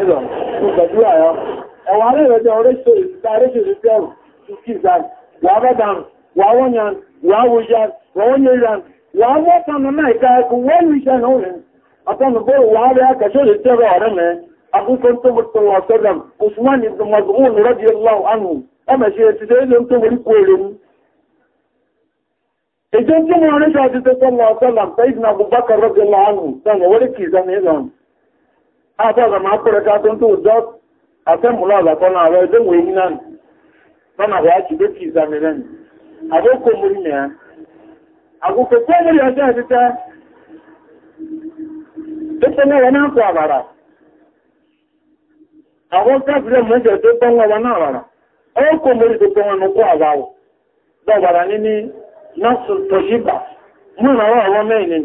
Ẹ̀wọ̀n alẹ́rẹ̀ẹ́jọ oríṣẹ́ ìdáríṣẹ́ ìrìnbẹ̀rù, ìkìzà, wà bẹ́dàn, wà wọ́nyàn, wà wùyàn, wà wọ́nyẹ̀yàn, wà wọ́tànà náà ìkáẹkù wọ́n wùṣẹ́ náà rẹ̀. Àtọ́nà bó wà rẹ̀ akẹ́ṣẹ́ lè tẹ́rọ ọ̀rẹ́ mẹ́, àkúkọ́ tó mọ̀tọ̀ wà sọ́dàm, Usman ibn Maz'un radiyallahu anhu, ẹmẹ̀ṣẹ́ ti tẹ́ ilé tó wọlé kú èrè mú. Ìjọ́ tí mo rí ṣe àti tẹ́tọ́ lọ sọ́dàm, Sayyidina Abubakar radiyallahu anhu, sọ́nà wọlé kìí sọ́nà ìlànà. àtàkà máa kọ́ rẹ̀ká tó ń tó jọ́ àtẹ́mùlá àgbàkọ́nà ààrẹ ẹgbẹ̀wò èyí náà lọ́nà àwọn àjùgbé kì í sàmì lẹ́nu àkókò mú ilẹ̀ àkókò kó mú ilẹ̀ ọjọ́ àtítẹ́ tẹ́tẹ́ náà wọn náà kọ àbàrà àwọn káfílẹ̀ tó wọn náà ọwọ́ kò wọn àwọn mẹ́rin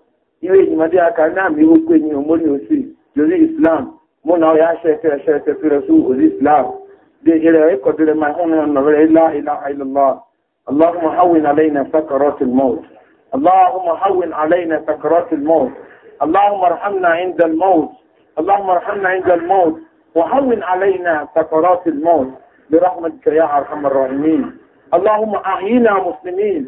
iwe ìjìmọ̀dé akàrínà mi ó pè ní omori òsì lórí islam mo náà yà ṣẹ̀fẹ̀ ṣẹ̀fẹ̀ fẹ́rẹ̀ sí òrí islam dé ìrẹ̀ ẹ̀kọ́ tó lè máa hún ọ̀nà rẹ̀ ilá ilá ilá اللهم هون علينا سكرات الموت اللهم هون علينا سكرات الموت اللهم ارحمنا عند الموت اللهم ارحمنا عند الموت وهون علينا سكرات الموت برحمتك يا ارحم الراحمين اللهم احينا مسلمين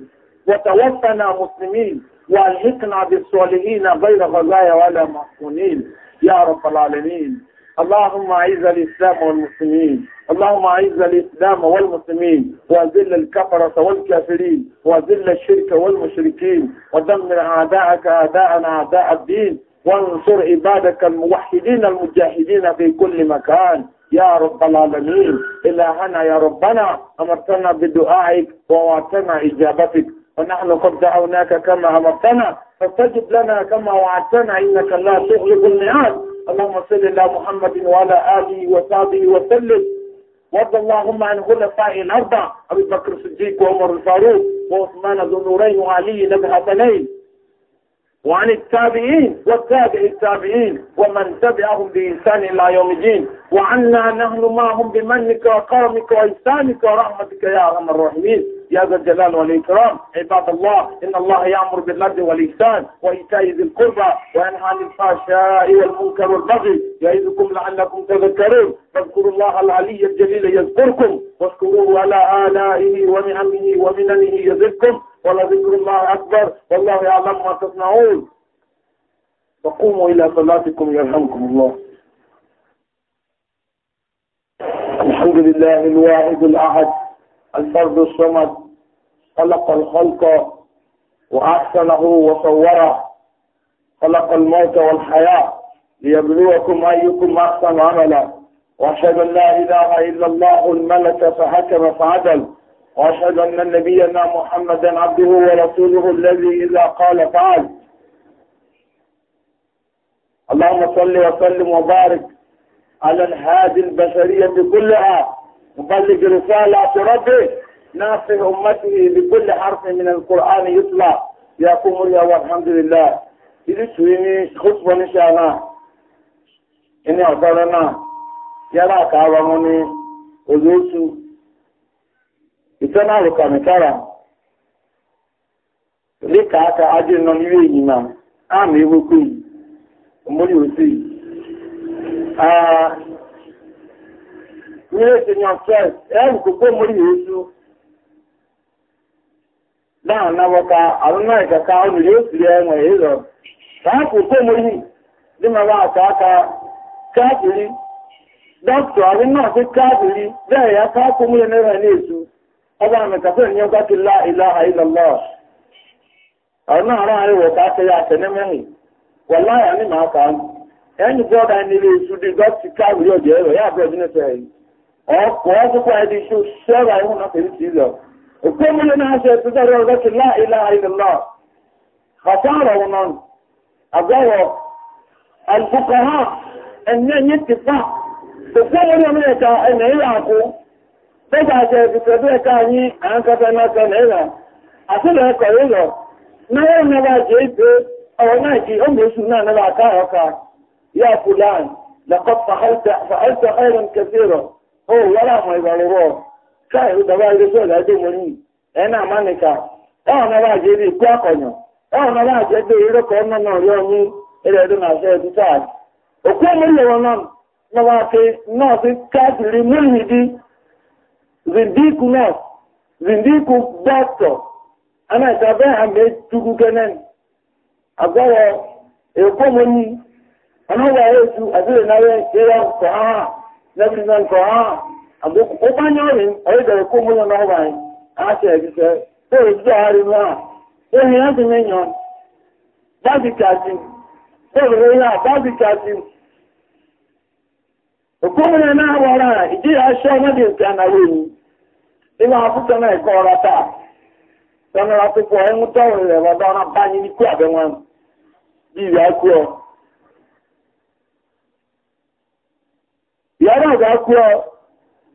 وتوفنا مسلمين والحقنا بالصالحين غير غزايا ولا محسونين يا رب العالمين اللهم اعز الاسلام والمسلمين اللهم اعز الاسلام والمسلمين واذل الكفرة والكافرين واذل الشرك والمشركين ودمر اعداءك اعداءنا اعداء الدين وانصر عبادك الموحدين المجاهدين في كل مكان يا رب العالمين إلهنا يا ربنا أمرتنا بدعائك ووعدتنا إجابتك ونحن قد دعوناك كما أمرتنا فاستجب لنا كما وعدتنا إنك لا تغلب الميعاد اللهم صل على محمد وعلى آله وصحبه وسلم وارض اللهم عن خلفاء الأربع أبي بكر الصديق وعمر الفاروق وعثمان ذو النورين وعلي بن الحسنين وعن التابعين والتابع التابعين ومن تبعهم بإنسان إلى يوم الدين وعنا نحن معهم بمنك وكرمك وإحسانك ورحمتك يا أرحم الراحمين يا ذا الجلال والإكرام عباد الله إن الله يأمر بالعدل والإحسان وإيتاء ذي القربى وينهى عن الفحشاء والمنكر والبغي يعظكم لعلكم تذكرون فاذكروا الله العلي الجليل يذكركم واشكروه على آلائه ونعمه ومننه يزدكم ولذكر الله أكبر والله يعلم ما تصنعون فقوموا إلى صلاتكم يرحمكم الله الحمد لله الواحد الأحد الفرد الصمد خلق الخلق وأحسنه وصوره خلق الموت والحياة ليبلوكم أيكم أحسن عملا وأشهد أن لا إله إلا الله الملك فحكم فعدل وأشهد أن نبينا محمدا عبده ورسوله الذي إذا قال فعل اللهم صل وسلم وبارك على الهادي البشرية كلها مبلغ رسالة ربه ناصر أمته بكل حرف من القرآن يطلع يا يقوم يا والحمد لله إذا سويني خطبة إن شاء الله إني أعطانا يلا كعوامني وزوسو إتنا لك مكارا لك أتا أجل نميوي إمام آمي وكوي أمولي وسي آه Nyere se nyan fes, e mkoko mwori na anabọka arụnaịka ka ọ nụrụ ya enwe ịzọ ka a kwụsị omori dị ma ba aka aka kaapịrị dọkịta arị nọọsụ kaapịrị bee ya ka akwụ ya na ịwa na-esu ọ bụ amị kafe nye nkwakị la ilaha illallah ọrụ na-arụ anyị wọ aka ya aka n'emeghị wala ya ni ma aka enyi bụ ọda anyị esu dị dọkịta kaapịrị ọ dị ewe ya abụọ dị n'efe ya ọ kụọ ọkụkọ ya dị isu sọrọ anyị hụ na kere isi كل ما شايفه ولكن لا إله إلا الله خسارة ونان أجاوب الفقهاء أن يتفق تقول لك أن يعقو تجع شايفه بيك أني أنك فنك الإله أصل هيك إله ما هو نواجه أو ناجي أم يسونا نواجهك يا فلان لقد فعلت فعلت خيرا كثيرا هو ولا ما يبالغوه káyọ̀ ìdàgbà ìrẹsì ọ̀gá dé mo e na ẹ̀wọ̀n náà bá jẹ́ bí àkọ̀yàn ẹ̀wọ̀n náà bá jẹ́ bí ìrẹ́kọ̀ọ́ náà náà yọ ní àṣẹ ẹ̀dùn táà òkú ọmọ nọ wọn náà lọ́wọ́ náà káàkiri zindíkù náà zindíkù bẹ́ẹ̀ ụgbanye ohi onye gara kwu ụmụnye anyị acha ebise e nwa ehi ya dị n'enyo babikaji e ihe a babikaji okwumunye na-agbara a iji ya ashe ọnwa dị nke na weyi ịma akwụkwọ na ike ọra taa sanara tupu onye nwụta ọdọ banye n'ikwu abịanwa akụọ yara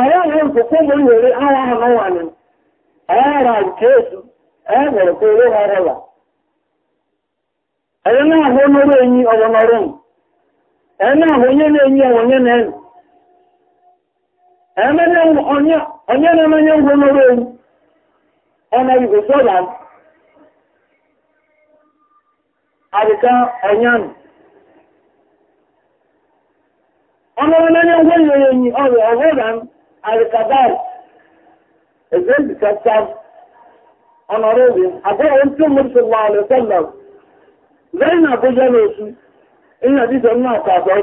àyáhàn kòkó mú lórí aláhàn wà ní ẹ̀rà ìkéèsù ẹ̀rọ kó owó ọrọ̀lá ẹ̀rọ náà ahonye lórí ẹ̀yí ọwọ́nọrún ẹ̀rọ náà hó yẹ́ lẹ́yí ọwọ́nyẹ́ nẹ́nu ọ̀nyẹ́ nẹ́mẹ́nyẹ́ hó lórí ẹ̀yí ọ̀nà ìgbò sọ́lá àdìká ọ̀nyánu ọmọ ọmọ alikabal ezeli kasam ọnọrọbi abụọ ntụ mụsụlọ alisalam zaina abụja n'osu ina dịsọ nna kasọ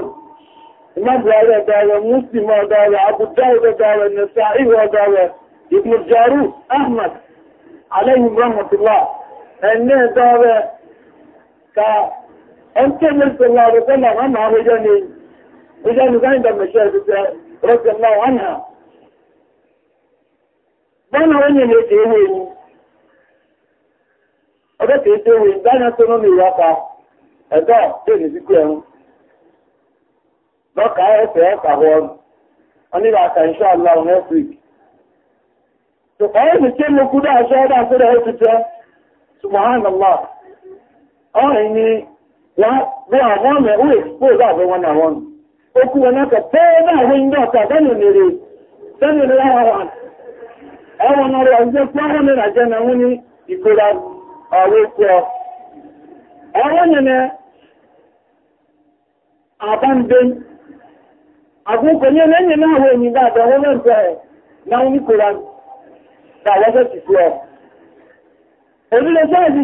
ima buhari ọdọọrọ muslim ọdọọrọ abuja ọdọọrọ nisa ihu ọdọọrọ ibnu jaru ahmad alayhi rahmatullah ẹni ya ka ntụ mụsụlọ alisalam ama abụja n'eyi abụja n'ụzọ ndị mmechi ọdịda rọsịlọ anha bọ́ọ̀nù wọn ni èdè ewu ewu ọjọ́ kìí tó ewu ìdáná tó nínú ìwà pa ẹ̀dọ́ efe ní síkú ẹ̀rún lọ́kà ẹ̀fẹ̀ ẹ̀fà wọn ala àkànṣọ́ aláwọ̀ nẹ́fìrìkì tó kọ́wé ní tí mo kú dáa ṣọ́ọ́dá sódà ó ọmọ ẹwọ nọrọ ọjọ́ tí wọ́n ní ràjẹ́ na wọ́n ní ìkóra ọwọ́ ikú ọ ẹwọ nyẹnẹ àbámbé àkókò ní ẹlẹ́yìn náà wọ́n ní dáadáa wọ́n lè bẹ̀ na wọ́n ní kóra dàwọ́sẹ̀ ọ onílé sáàdì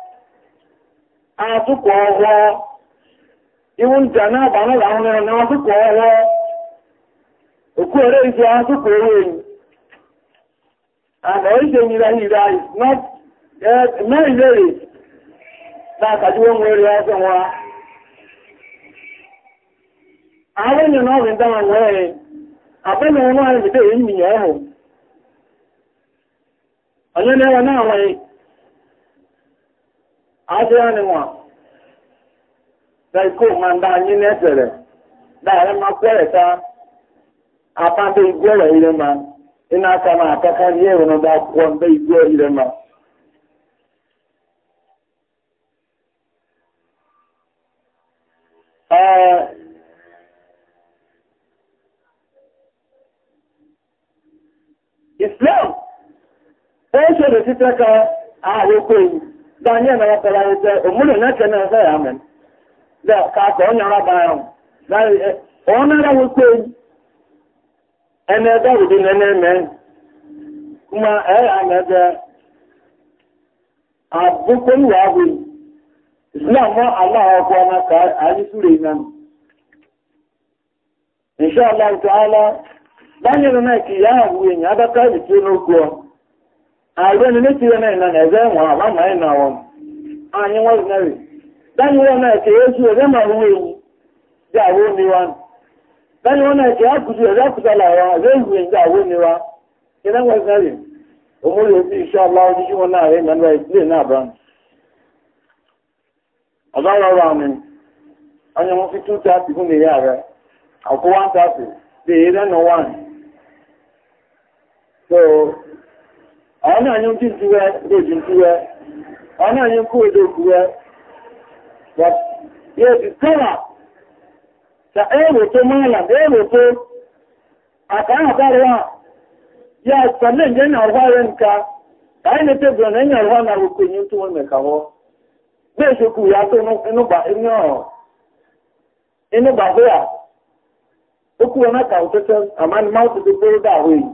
àtúkọ̀ ọwọ́ iwu ń jà náà bà náà àwọn ẹran náà àtúkọ̀ ọwọ́ òkú ẹ̀rẹ́ ìjọ àtúkọ̀ owó na àmọ́ ìjẹ́ ọzọ ìrìnlẹ̀ mẹ́rin lèrè láàkàjú wọn wẹ́rẹ́ ọ̀sán wa àwọn ènìyàn náà rìn ahụ wẹ́rẹ́ ajẹ́ ni wọn lẹ́kọ́ anyị na dá yín ní ẹ̀tẹ̀rẹ̀ láàrin máa pẹ́rẹ̀ ta apáńdé igbó ọ̀rọ̀ ilé ma iná Islam, ó e ń danye na wakala ite omuli na kene ese ya da ka ko nya ya da ona ra wo ko ene da wo ne ne men kuma e ya na da abu ko ni na hu islam wa na ka anyị sure nan na ya ọ. àìrẹ́ni ní ti rẹ̀ náà ẹ̀zẹ́ ẹ̀wọ̀n àwọ́mà ẹ̀nà wọn ààyí wọ́n rí náà rí dáni wọ́n náà kẹ́ ewu jẹ́ àwọn omi wa náà kẹ́ àkùtù ẹ̀rẹ́ àkùtà làwọn ẹ̀rẹ́ ìwé àwọn omi wa ẹ̀rẹ́ wọ́n rí náà iṣẹ́ ọlá ojúṣí wọn náà rẹ̀ mẹ́lẹ́ ìpínlẹ̀ náà bá ọ̀dọ́ àwọn náà ní ń jíjú rẹ lójú jú rẹ àwọn náà ń kó ìdókù rẹ yóò ti tọ́wà ta tó ya sannan yẹn àrùwá rẹ nǹka báyìí ka e tẹ́gbọ̀n e e náà na àrùwá náà rúkọ yín tó wọn mẹ̀kàwọ́ bẹ́ẹ̀ ṣe kù yàtọ̀ inú bà inú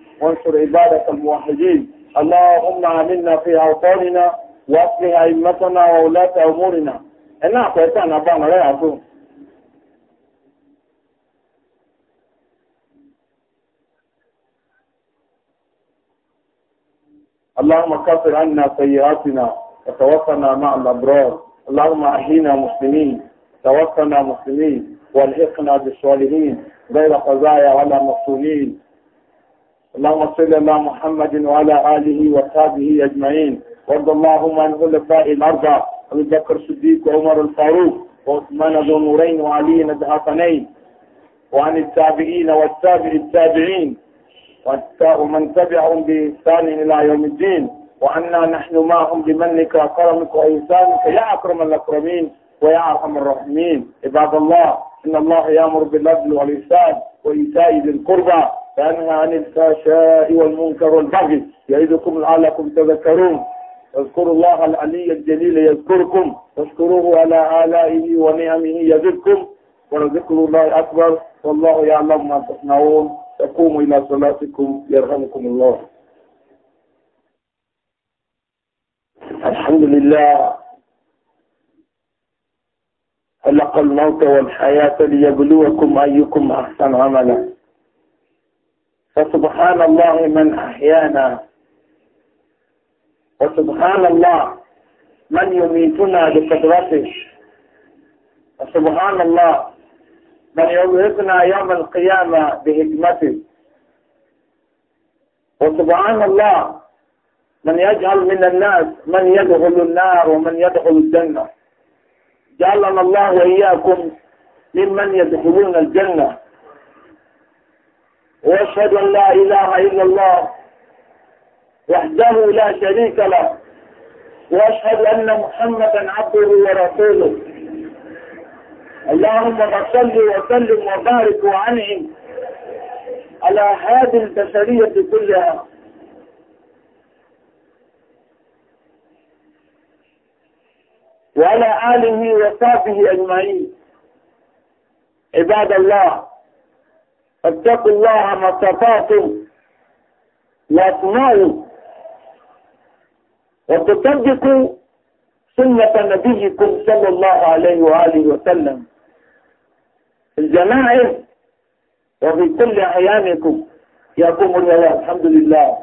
وانصر عبادك الموحدين اللهم عملنا في أوطاننا واصلح أئمتنا وولاة أمورنا إنها أنا بانا لا يعطون اللهم كفر عنا سيئاتنا وتوفنا مع الأبرار اللهم أحينا مسلمين توفنا مسلمين والحقنا بالصالحين غير قضايا ولا مقتولين اللهم صل على محمد وعلى آله وصحبه أجمعين وارض اللهم عن خلفاء الأربعة أبي بكر الصديق وعمر الفاروق وعثمان ذو نورين وعلي الهاتنين وعن التابعين والتابع التابعين ومن تبعهم بإحسان إلى يوم الدين وعنا نحن معهم بمنك وكرمك وإحسانك يا أكرم الأكرمين ويا أرحم الراحمين عباد الله إن الله يأمر بالعدل والإحسان وإيتاء ذي القربى تنهى عن الفحشاء والمنكر والبغي يعظكم لعلكم تذكرون اذكروا الله العلي الجليل يذكركم واشكروه على آلائه ونعمه يزدكم ولذكر الله أكبر والله يعلم ما تصنعون تقوموا إلى صلاتكم يرحمكم الله الحمد لله خلق الموت والحياة ليبلوكم أيكم أحسن عملا فسبحان الله من أحيانا وسبحان الله من يميتنا بقدرته وسبحان الله من يميتنا يوم القيامة بحكمته وسبحان الله من يجعل من الناس من يدخل النار ومن يدخل الجنة جعلنا الله وإياكم ممن يدخلون الجنة واشهد ان لا اله الا الله وحده لا شريك له واشهد ان محمدا عبده ورسوله اللهم صل وسلم وبارك وانعم على هذه البشريه كلها وعلى اله وصحبه اجمعين عباد الله فاتقوا الله ما استطعتم واسمعوا وتصدقوا سنة نبيكم صلى الله عليه وآله وسلم في الجنائز وفي كل أيامكم يقوم الله الحمد لله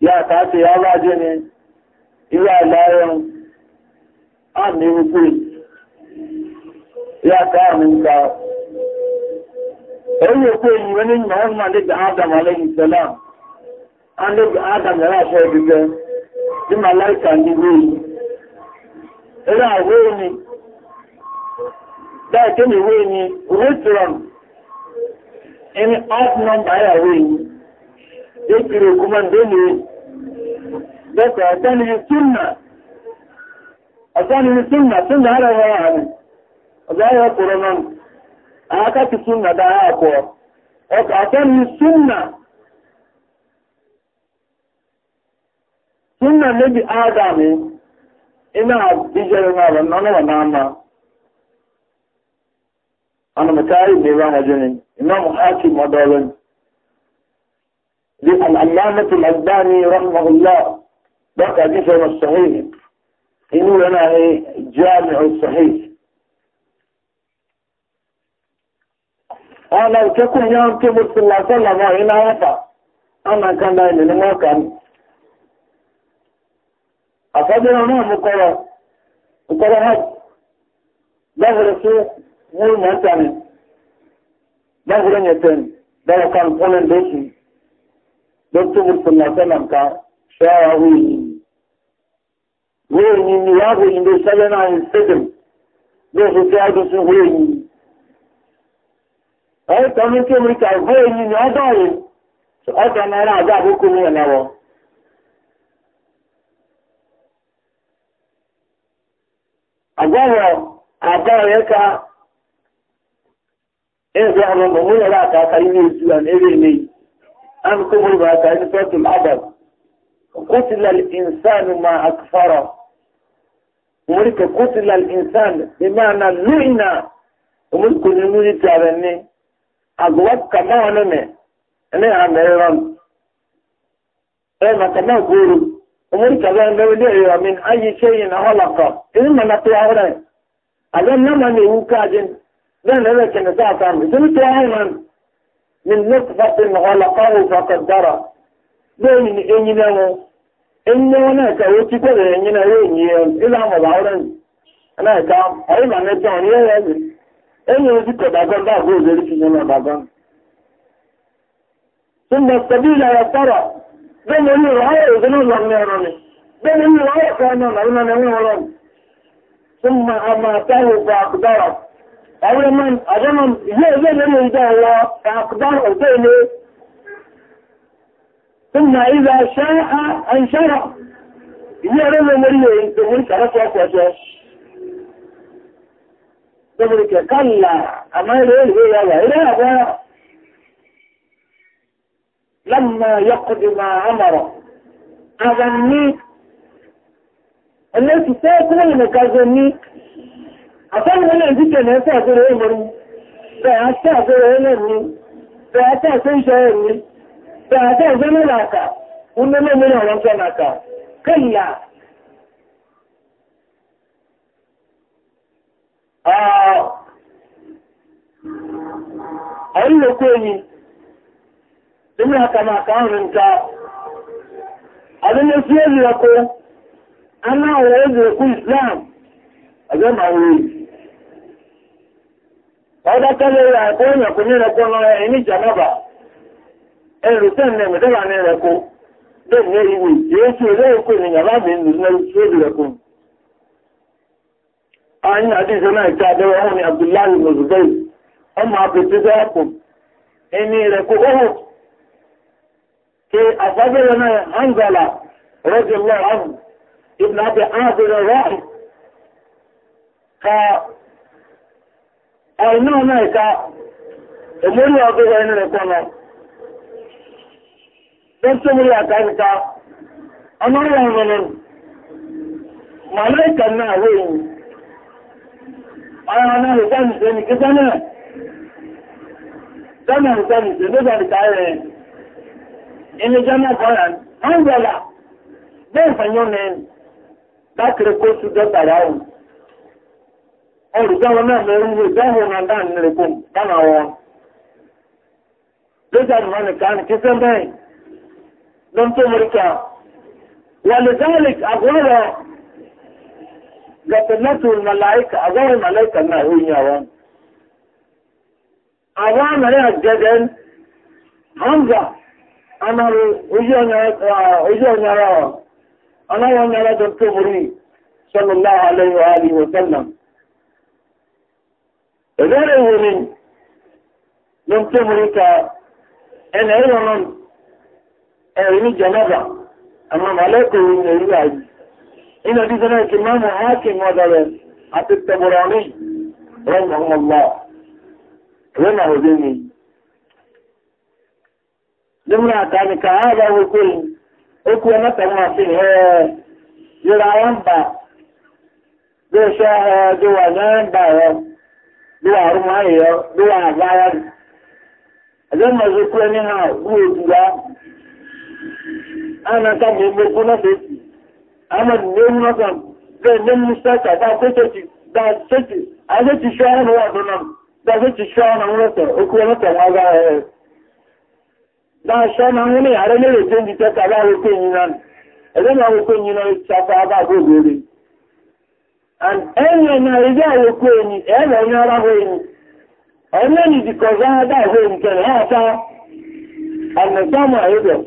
يا تاتي يا الله جنين يا لا يوم أمي وفيد يا كامل كامل ẹ̀rí òkú ènìyàn ní mọ̀ọ́mà nígbà adam alẹ́gbẹ̀sẹ̀lá nígbà adam yàrá ṣe ẹgbẹ̀gbẹ̀ ní màláìkà nígbé yìí ẹ̀rí àwọ́ ẹni dáìké ní ìwé ẹni wíṣìrán ẹni odd number ayàwó ẹni ékiri òkú mọ́ ndéni dẹ́kọ̀ ọ̀tẹ́ni súnà ọ̀tẹ́ni súnà súnà ara wọn àmì ọ̀gá ayọ̀ kòrónà akati sunna da yako akani sunna sunna nabi adami ina dijere na ba nana wa mama ana matai ne ba hajin imam hakim wadalin للعلامة الألباني رحمه الله بقى حديثه na إنه لنا جامع الصحيح ọ̀nà ìkẹ́kùn yá ń kí mo ti là sọ́là mọ́ iná wọ́pà ọ̀nà kanda ilẹ̀ ni wọ́n kà ní. àfọ́bìnrin náà mú kọ́rọ̀ ìkọ́rọ̀ hajj dáwọ́rẹ́ sí wọ́n mọ̀ ọ́ta ni dáwọ́rẹ́ yẹn tẹ̀ dáwọ́ kan fúnni lóṣù lóṣù mo ti là sọ́là ká ṣọ́ra wíyí. wíyí ni wàá wíyí ló ṣẹlẹ̀ náà ń ṣẹ́gun lóṣù tí a dùn sí wíyí ẹ̀yìn tó ní kí omi ta ògbó èyí ni ọdọ́ yìí ọdọ náírà àjọ àbúkù ní ẹ̀nàwọ̀. àgbọ̀wọ̀ àbọ̀ rẹ̀ ka ẹ̀rọ ọmọ mọ̀mú yẹra àkàkà ilé ìjú àmì eré ilé yìí àmì kó mọ̀ ìbára kàrí ní pẹ́tùl adam kótìlà ìnsánù ma àkùfàrọ̀ mọ̀rí kà kótìlà ìnsánù ìmáà na lóyìnà òmùrí kò ní múrí tààrẹ̀ ní agụwa kama ọnụ ne ne ha mere rọm ɛma kama goro ɔmori kaba ɛn eyi de ɛyɔ min ayi yi na hɔla kɔ ɛni na to ahorɛ ale na ewu kaadin bɛn na ɛbɛ kɛnɛ sɛ ata mi ɛni to ahorɛ min ne fati na hɔla kɔhu fati dara bɛn ni enyina mu enyina mu na na enyina yɛ ba ahorɛ ɛna ɛka ɔyɛ ma ne ya ẹ̀yìn ojú tẹ̀bàgán bá àgbó òṣèré fi yẹn lọ́bàgán. Súnmọ̀ tẹ̀bí ìlàyà tọ́rọ̀, bẹ́ẹ̀ ni orí ìwáyà òṣèlú lọ ní ọ̀rọ̀ ni, bẹ́ẹ̀ na orí ìwáyà kan náà nàrí náà ní ọ̀rọ̀ ni. Súnmọ̀ àmà àtàwọn òkú àkùdárọ̀. Àwọn ọmọ àjọmọ̀ ilé ilé lórí ìjọ ọ̀wọ́ àkùdárọ̀ òṣè ilé. Súnmọ̀ ìlà ṣáà àìṣáà ilé ẹ̀rọ lórí ذلك كلا أما إليه يا وإليه لما يقضي ما أمره أظنيك التي تأكل لك أظنيك أفهم أنا عندك أن أستغفر أمري فأستغفر أمري فأستغفر شعري فأستغفر لك ونمو من أمرك كلا anyị na-ekwu enyi dị aka na aka ahụ nke adịmesi eziokwu anáwọ̀ eziokwu islam ẹgbẹ́ ma wọ́n yìí ọdọ́kẹ́lẹ̀ rẹ̀ ẹ̀kọ́ èèyàn kò ní rẹ̀kọ́ lọ́rẹ̀ ẹni ìjànàbà ẹ̀rù tẹ́ ní ẹ̀mẹ̀dẹ́wà ní rẹ̀kọ́ lẹ́yìn ìwé jésù olóòkú an hadisi e na ta dẹwọ ọhún ni abdullahi muzubay ọmọ apẹtẹsẹ ọkọ ẹni rẹ kó ọhún ke afọbẹrẹ náà hanzala rọjò na ọhún ibùdó na ahàbẹrẹ rọọ ka ọ̀nà e náà ka èmórí ọgbẹ̀rẹ̀ na rẹ̀ kọ́nà na àtàríta ọmọ ìrìn ọmọ náà na náà wéyìn ara náà ìjánìṣẹ́ ní kíkẹ́ náà jọ́nà ìjánìṣẹ́ ló bẹ̀rẹ̀ tààrẹ ilé jọ́nà kọ́ra wọ́n yọ̀lá bẹ́ẹ̀ fẹ̀yọ́ ní dákìrí kó sú dọ́tàrà ọ̀hún olùgbẹ́wọn náà mẹ́rin ní ìdáhùn náà dáà nílẹ̀ kó dáná wọn lójà nìmọ́ nìkan kíkẹ́ bẹ́ẹ̀ ló ń tó mọ́ríkà wà lè dáhùn gafinatul malaika agawar malaika na hunyawa awa mere jeden hamza amaru ujiyonyara anawonyara don toburi sallallahu alaihi wa alihi wa sallam ebere wuri don toburi ka ẹnẹ ìrọ̀nà ẹ̀rí ní jẹnẹba àmà malaika wuri ní ìrú àyè إلى بذلك إمام حاكم مثلا حتى التبراني رحمه الله رمه ذني لمنا كان كهذا وكل أكوى نتما فيه يرى ينبع دو شاه دو ينبع دو رمعي دو عزايا لما ذكرني ها بوجدا أنا كان يمكن أن ana nemi masa zai nan mustaka ba ko saki da saki a zaki shawara wa donan da zaki shawara wata uku wata ma ga da shawara wani yare ne da canji ta ka ba ko yin nan idan ma ko yin nan ta fa ba go gore an enye na ida ko yin e enyi nyara ho yin enye ni dikoza da ho yin ke ha ta an na sama ido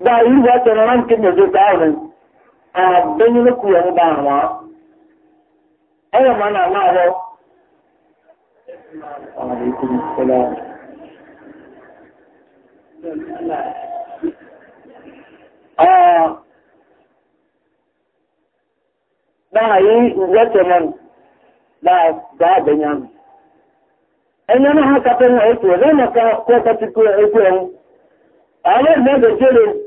da yi za ta nan kin da zai a dan yi ku yana da hawa ayo mana ma ho alaikum assalam ah da yi za ta nan da da dan yan ẹ̀yẹ́ haka fẹ́ ní ọzọ lẹ́nà ká kọ́ kọ́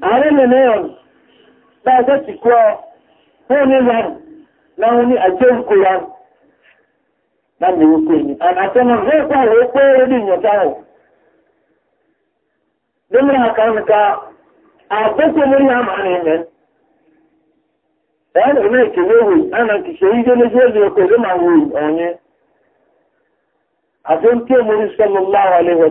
àárín ènìyàn dáadọ́ ti kú ọ fún ní yàrá láwọn ní àjẹ́ òkú yàrá láti wípé ní àtẹnu rẹ̀ kọ́ àwọn òpó orí ìyọ̀dá ọ̀ lómìnà àkàrùnkà àkókò mórí àmàrin ẹ̀mẹ́ ẹ̀rọ náà ìkèlé wò ánà kì ṣe yíjẹ́ lójú ẹ̀lẹ́ ọkọ̀ ó ń sọ́lọ́lá wà lè wọ̀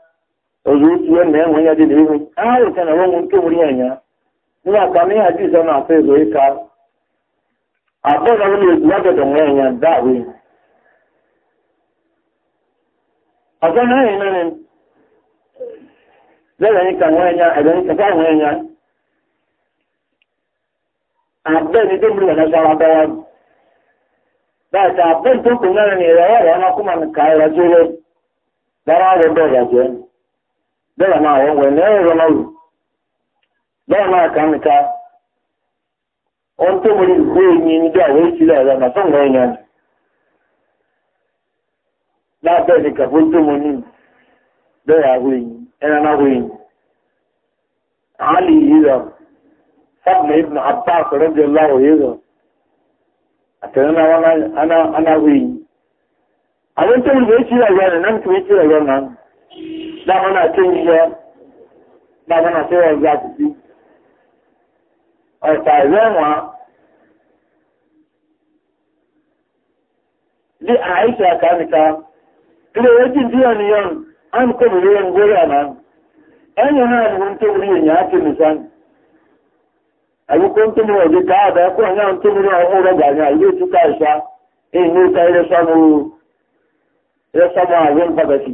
ozu otu e na enwe ya dị n'ihu aha ụta na nwenwe nke nwere ya nya ndị aka na ihe adịghị na afọ e ịka abụọ na nya daa ahụ ọzọ na ka nwe ya ebe anyị kakwa nwe ya abụọ na enye na nasara naanị na-ere ọrịa ọnụ akwụma nke ahịa jere dara ọrụ bẹ́ẹ̀ máa wọ́n wẹ̀ na ẹ̀rọ lọ́rù na máa kà na ká ohun tó mo rí ìgbé yìí ní bí àwọn ìṣílẹ̀ na náà tó ń wọ́n yẹn lábẹ́ ní kàfó tó mo ní bẹ́ẹ̀ àwọn èyí ẹran àwọn èyí àálì yìí rọ sábà ibùn àbá àkọrẹ́jọ láwọ̀ yìí rọ àtẹ̀rẹ́ náà wọn anáwọ̀ èyí àwọn tó mo ń báwo náà tó ń yọ báwo náà tó wọ́n gba títí. ọ̀sà ìrẹ́wọ̀n di àìsàn àkàmìta ilé ojú tí wọ́n yọ án kò bí wọ́n gbórí àná ẹni náà ni wọ́n tó wúrí èèyàn á ti nìsan. àbíkó ń tó mú ọ̀dẹ́ káàdà kó ọ̀yá tó mú àyè ó ta àwọn pàtàkì.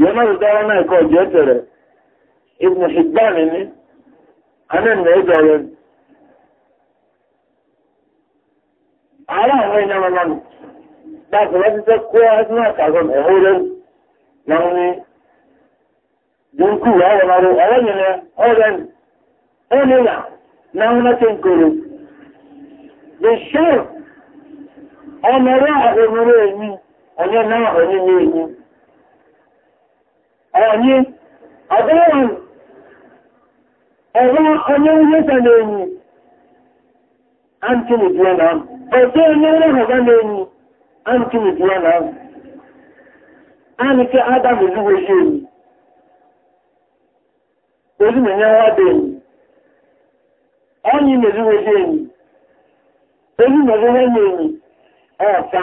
yọ̀nà ìdára náà kọ́ jẹ́ tẹ̀rẹ̀ ibùn ìgbàn ní anẹ́nà ẹ̀dọ̀ rẹ̀. ara àwọn ẹ̀yàn ọmọ náà láti wọ́n ti tẹ́ kó ẹ̀sìn àtàkùn ẹ̀hó rẹ̀ náà ní dínkù àwọn ọmọ ọrụ yẹn ọrụ ẹ̀nìyà náà wọ́n ti ń ọmọ rẹ̀ náà ní èyí anyị ọbụghị ọbụghị onye nweta na-enyi antimidia na ọdị onye nrahụba na-enyi antimidia na anyị ke adam ezigbo ji enyi ozi na nyewa dị enyi ọnyị na ezigbo ji enyi ozi na ezigbo enyi ọta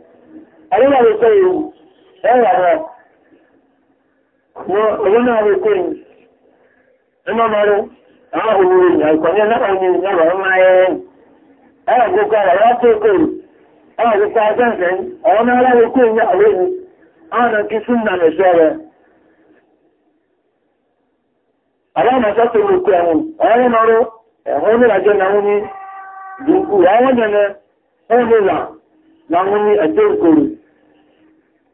ẹ̀yìn náà lè kọ́ ewu ẹ̀yìn àbọ̀ owó náà lè kọ́ ewu ẹ̀mọ́ mọ́rú àwọn òwúrò ọmọ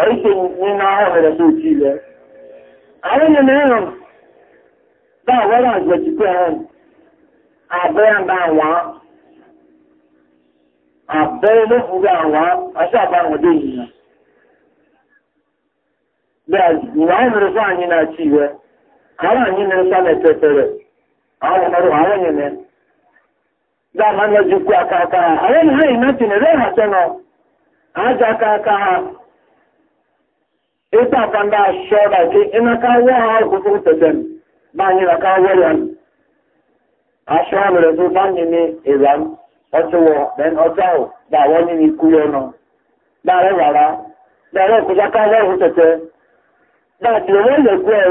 ẹ̀ẹ́sẹ̀ nínú àwọn ọ̀rẹ́ sí ìtì ilẹ̀. Àwọn ènìyàn mìíràn bá àwọn àgbẹ̀ ti pé ọ̀hún, àbẹ́rẹ́ bá wọn, àbẹ́rẹ́ ló fún àwọn aṣọ àbáwọn dé ìyìnà. Bẹ́ẹ̀ ìwà ọ̀rẹ́ fún àyín náà ti rẹ̀, àwọn àyín náà a isa kan shoda ke ina kawo ha ku sun tajen ba ni na kawo yan a shoda da su ban ni otuwo den otawo da woni ni kuyo no da re wara da re ku ja kawo hu tete da ti wo le ku e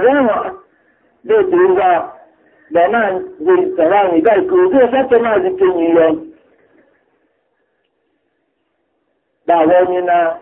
de ti da na je tara ni da ku de sa te na ji ti ni yo da na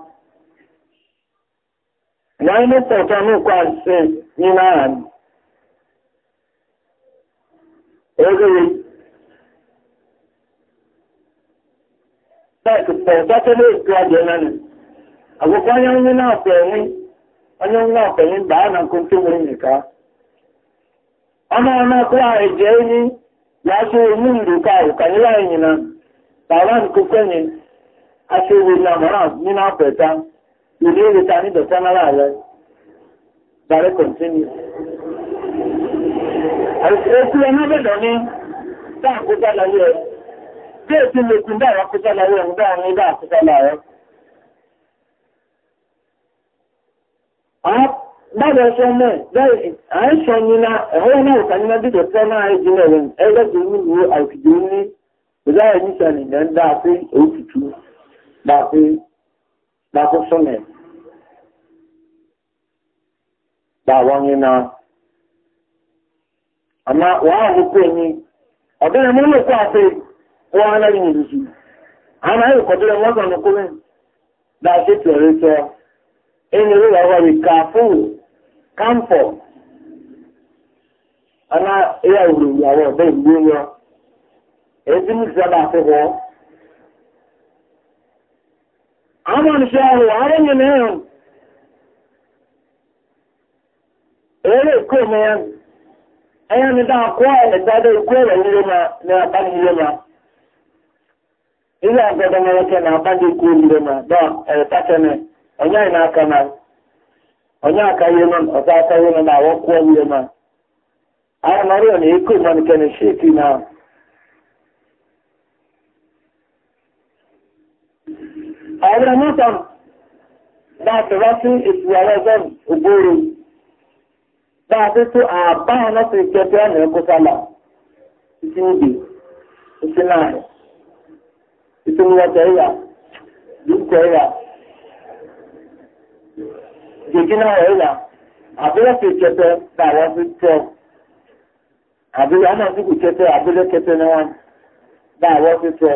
na ile sọ̀tọ̀ ní kwa ṣe nínú ara ni. Oríire. Bẹ́ẹ̀kì pẹ̀lú tó lè tó onye onye na afọ onye na nkó tó wọ́n nìka. Ọmọ ọmọ kó a ẹ̀jẹ̀ ní yàtọ̀ inú anyị ká òkà nílá ẹ̀yìn náà. Bàbá afọ ìlú ìrètà ní dọ̀tí amára rẹ̀ darí kọ̀ntínú. Èkú ẹ̀nà bẹ̀dọ̀ ní dáa kúta láyé ẹ̀. Bí èsì lèkùn dáa kúta láyé ẹ̀ dáa ní dáa kúta láyé. Bábẹ̀ ṣe mẹ́ bẹ́ẹ̀ àìṣọ́ nínú ẹ̀họ́ náà ìta nínú dídọ̀ tẹ́ náà ẹ̀ jìnà rẹ̀ ẹgbẹ́ tó ní ìwò àìkìdí ní ìdáyẹ̀ níṣẹ́ nìyẹn dáa pé òtútù dáa pé masu sunan àwọn yìí náà. Àmá wàá àgbókò ní ọ̀bẹ̀rẹ̀ mú lòkú àti wọ́n aláyìn ìrìsù. Àmá yìí kọ̀dúrẹ̀ wọ́n sọ̀nà kúrẹ́ bá ṣe sọ. Ẹni kámpọ̀. wọn. Èyí tí ti sábà wọ́n. Amon ṣáàrù àárẹ́yìn mẹ́rin. Eré ìkó mẹ́rin, ẹyẹ mi dáa kó ẹ̀dádẹ́ ikú ẹ̀rẹ̀ nílé máa ní àbájú ilé máa. Ilé àgbẹ̀dẹ̀ mẹ́rẹ́kẹ́ ní àbájú ikú ilé máa dáa ẹ̀rẹ̀ tákẹ́mẹ́, ọ̀nyá ìná aka máa. Ọ̀nyá aka yé mọ́, ọ̀sá aka yé mọ́ náà wọ́n kú ẹ̀yẹ máa. Àwọn ọmọ rẹ̀ ní ikú mọ́ ní kẹ́ni ṣéèkì náà. ẹ̀rọ nítọ̀nù láti rọ́ sí ètò ọ̀rọ̀ ọgọ́rùn ògbóòrò bá a tó tó àbáyé láti ìjọba ọ̀nà ẹ̀kọ́ sálà títí níbi títí náà títí ní ọjọ́ ìyà lùkọ́ ìyà jèjì náà ìyà àbúrò ìjọba bá wọ́n fi tọ́ àbúrò àmọ́ sí kò tẹ́tẹ́ àbúrò bá wọ́n fi tọ́.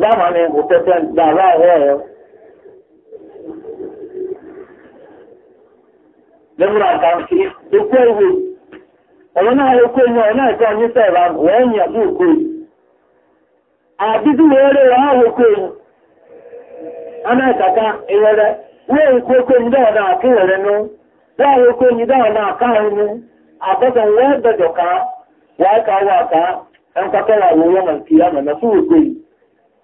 dáàmà ni òtẹ́tẹ́ dàbá ẹ̀rẹ́ ẹ̀ lẹ́múra kàǹkì ikú ewu ọ̀rọ̀ náà ikú ewu ọ̀rọ̀ náà ìtọ́ ní sẹ́ẹ̀rà wọ́n ń yàgbé òkú ewu àbídú wọ́n áwọ̀ ewu wọ́n ikú ewu náà kí nú ewu náà káwọn nú wọ́n ká wọ́n ká wọ́n ká wà wọ́n mọ̀ fún òkú ewu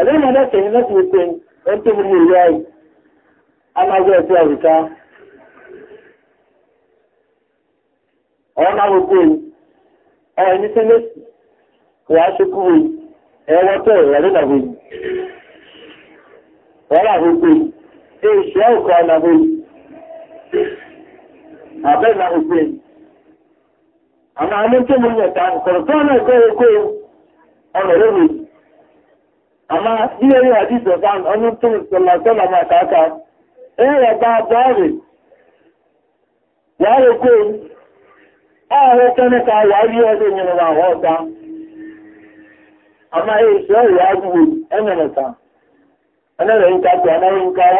ẹ̀dẹ́ náà lẹ́sẹ̀ ní lẹ́sẹ̀ wípé ó tó mú ilé ayé a máa jẹ́ ẹ̀sẹ̀ àríká ọ̀nà gbogbo yìí ọ̀rọ̀ ẹni tí lẹ́sì wà á ṣekú yìí ẹ̀wọ́ tó ẹ̀rẹ́ náà wọ̀nyí wọ́n àgbogbo yìí èyí ṣe ọ̀kọ̀ ọ̀nà àmọ́ àwọn tó mú ilé tó ọ̀nà ẹ̀kọ́ ẹ̀kọ́ ọ̀nà rẹ̀ amma iya yin hadisi da an annan turin sallasala ma ta haka in ya ba bari ya yi ko a wata na ka wari ya zai yana ba wata amma yi shi yau ya zuwa yana ta ana da yin kafi ana yin kawo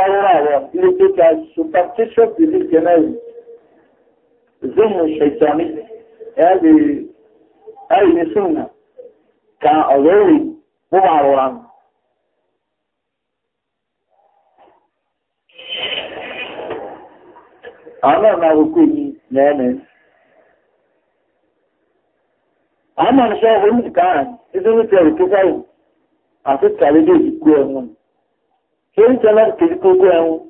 ọ̀rọ̀ ìwé bó ma rọra nù ana na hukumi na yanayin na sha wani kayan a su tare da ji kuwa mun ke yi tana ke ji kuwa kuwa mun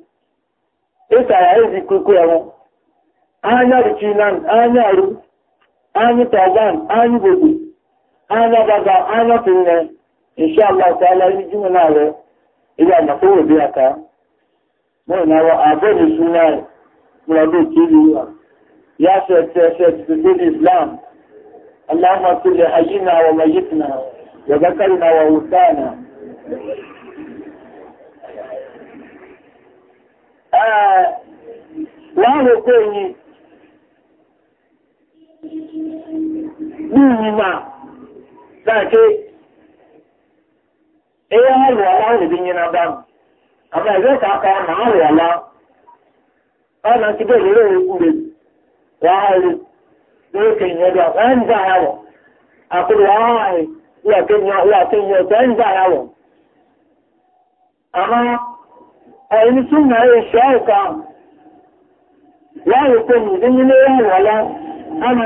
ya yi ji ya kuwa anya da cinan anya ru anya tagan anya anya anya insha Allah ta'ala yi na ila na kowa biya ka na wa مرادو كيلو يا شيخ يا شيخ تدين الإسلام اللهم اغفر لحينا وميتنا وذكرنا وأنثانا láàrò pé ní ní ìyìnmà sáàké ẹyẹ àrò aláwọ̀ ìbí yìnà bá mú àmà ìrẹ́ta aka nà àrò aláwọ̀ ọ̀nà ti bẹ́ẹ̀ lórí ikú rẹ̀ wàá rí lórí kẹ̀yìn ẹ̀dọ̀ ẹ̀ ń dára wọ̀ àkúrò wàá rí wíwà kẹ̀yìn ẹ̀dọ̀ ẹ̀ ń dára wọ̀. Àmọ́ ẹni tún náà yẹ ṣọ́ ẹ̀ka wàá rí pé mi ní nílé ẹ̀hìn wà lọ àmọ́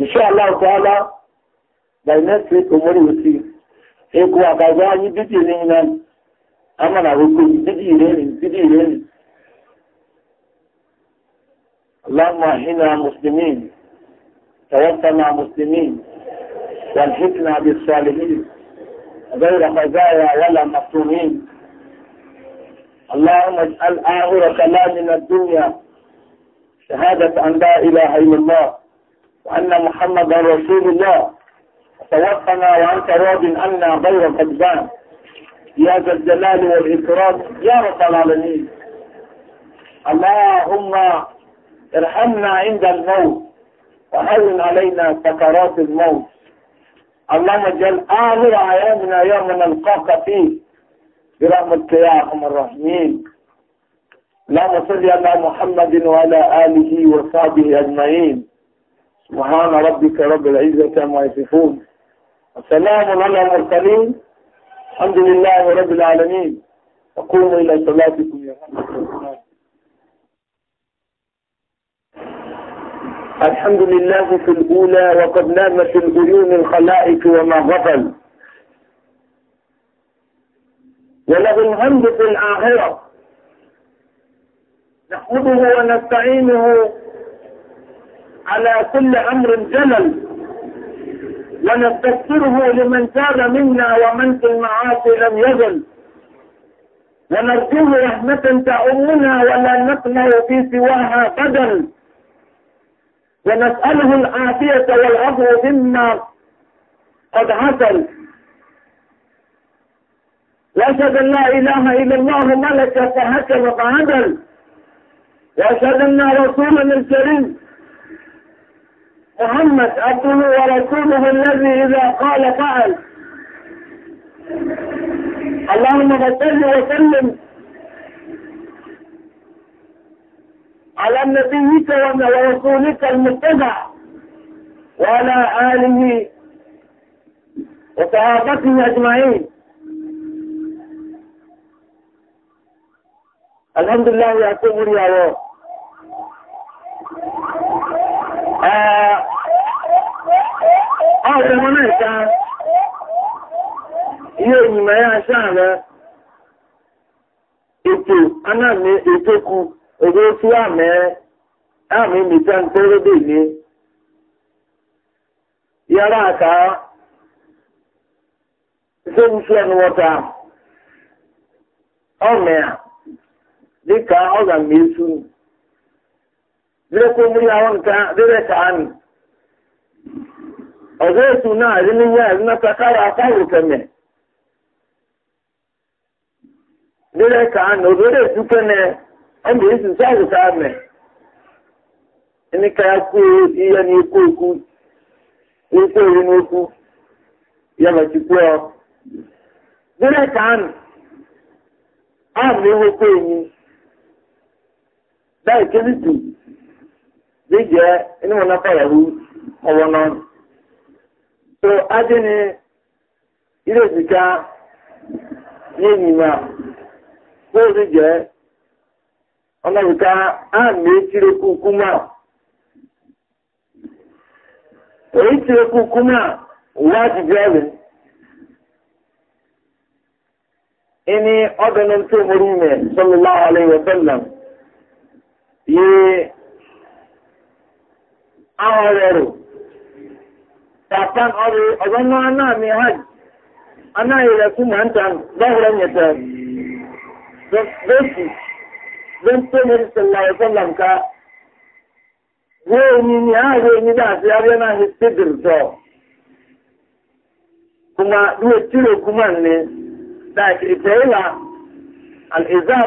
إن شاء الله تعالى by next week umuri usi eku akaza anyi bidi ile ina ama بدي huku bidi ile اللهم احنا مسلمين توفنا مسلمين والحكنا بالصالحين غير خزايا ولا مفتونين اللهم اجعل آخر كلامنا الدنيا شهادة أن لا إله إلا الله وأن محمدا رسول الله توفنا وأنت راض أنا غير كذبان يا ذا الجلال والإكرام يا رب العالمين اللهم ارحمنا عند الموت وهون علينا سكرات الموت اللهم اجعل آخر أيامنا يوم نلقاك فيه برحمتك يا أرحم الراحمين اللهم صل على محمد وعلى آله وصحبه أجمعين سبحان ربك رب العزة ما يصفون السلام على المرسلين الحمد لله رب العالمين وقوموا إلى صلاتكم يا الحمد لله في الأولى وقد نامت العيون الخلائق وما غفل وله الحمد في الآخرة نحمده ونستعينه على كل امر جلل ونستغفره لمن تاب منا ومن في المعاصي لم يزل ونرجو رحمة تعمنا ولا نقنع في سواها قدا ونسأله العافية والعفو مما قد حصل وأشهد أن لا إله إلا الله ملك فهكم فعدل وأشهد أن رسولنا الكريم فهمت عبده ورسوله الذي إذا قال فعل اللهم صل وسلم على نبيك ورسولك المتبع وعلى آله وصحابته أجمعين الحمد لله يا سيدي يا رب ọ̀rẹ́ ọmọ náà ká ihe ìgbìmọ̀ ya ṣáàrẹ ètò anáàmì ètòkù òdó tí àmì àmì mìta ń tẹ́rẹ́ dè ní yàrá àká ṣéwùsù ẹnu wọta ọmọ dịka ọ ga-ama esu lẹ́kọ̀ọ́ mú yà wọn a lẹ́rẹ̀ kàánù ọ̀dọ́ ètò náà rí ní yá ẹ̀rí náà kára káwò kẹ̀mẹ̀ lẹ́rẹ̀ kàánù ọ̀dọ́ ètò kẹ́nẹ̀ ọmọ èyí sì sáwò káàmẹ̀ ẹni káyà kó iye ní ikú ikú ikú orí ya ikú ọ lẹ́rẹ̀ kàánù àmì ìwé jíjẹ inú wọn náà fàyàwó ọwọ́ náà so ajé ni ilé ìsìnká yé nìyà fún jíjẹ ọmọ ìka na ìtìrẹ kúkú na èyí tìrẹ kúkú máa wá jíjẹ rẹ ini ọdọ tó ahọrọrọ tàfán ọrẹ ọgbọnà naanị hajj anáàyè rẹ fún mọ̀ntàn lọ́wọ́ nyẹtẹ lọ́sì ló ń tó lórí sọ̀lá ẹ̀fọ́ lànká wọ́n ní ní àárẹ̀ ní dáàsí abẹ́ náà zọ kuma ní tìrò kuma ní al-izar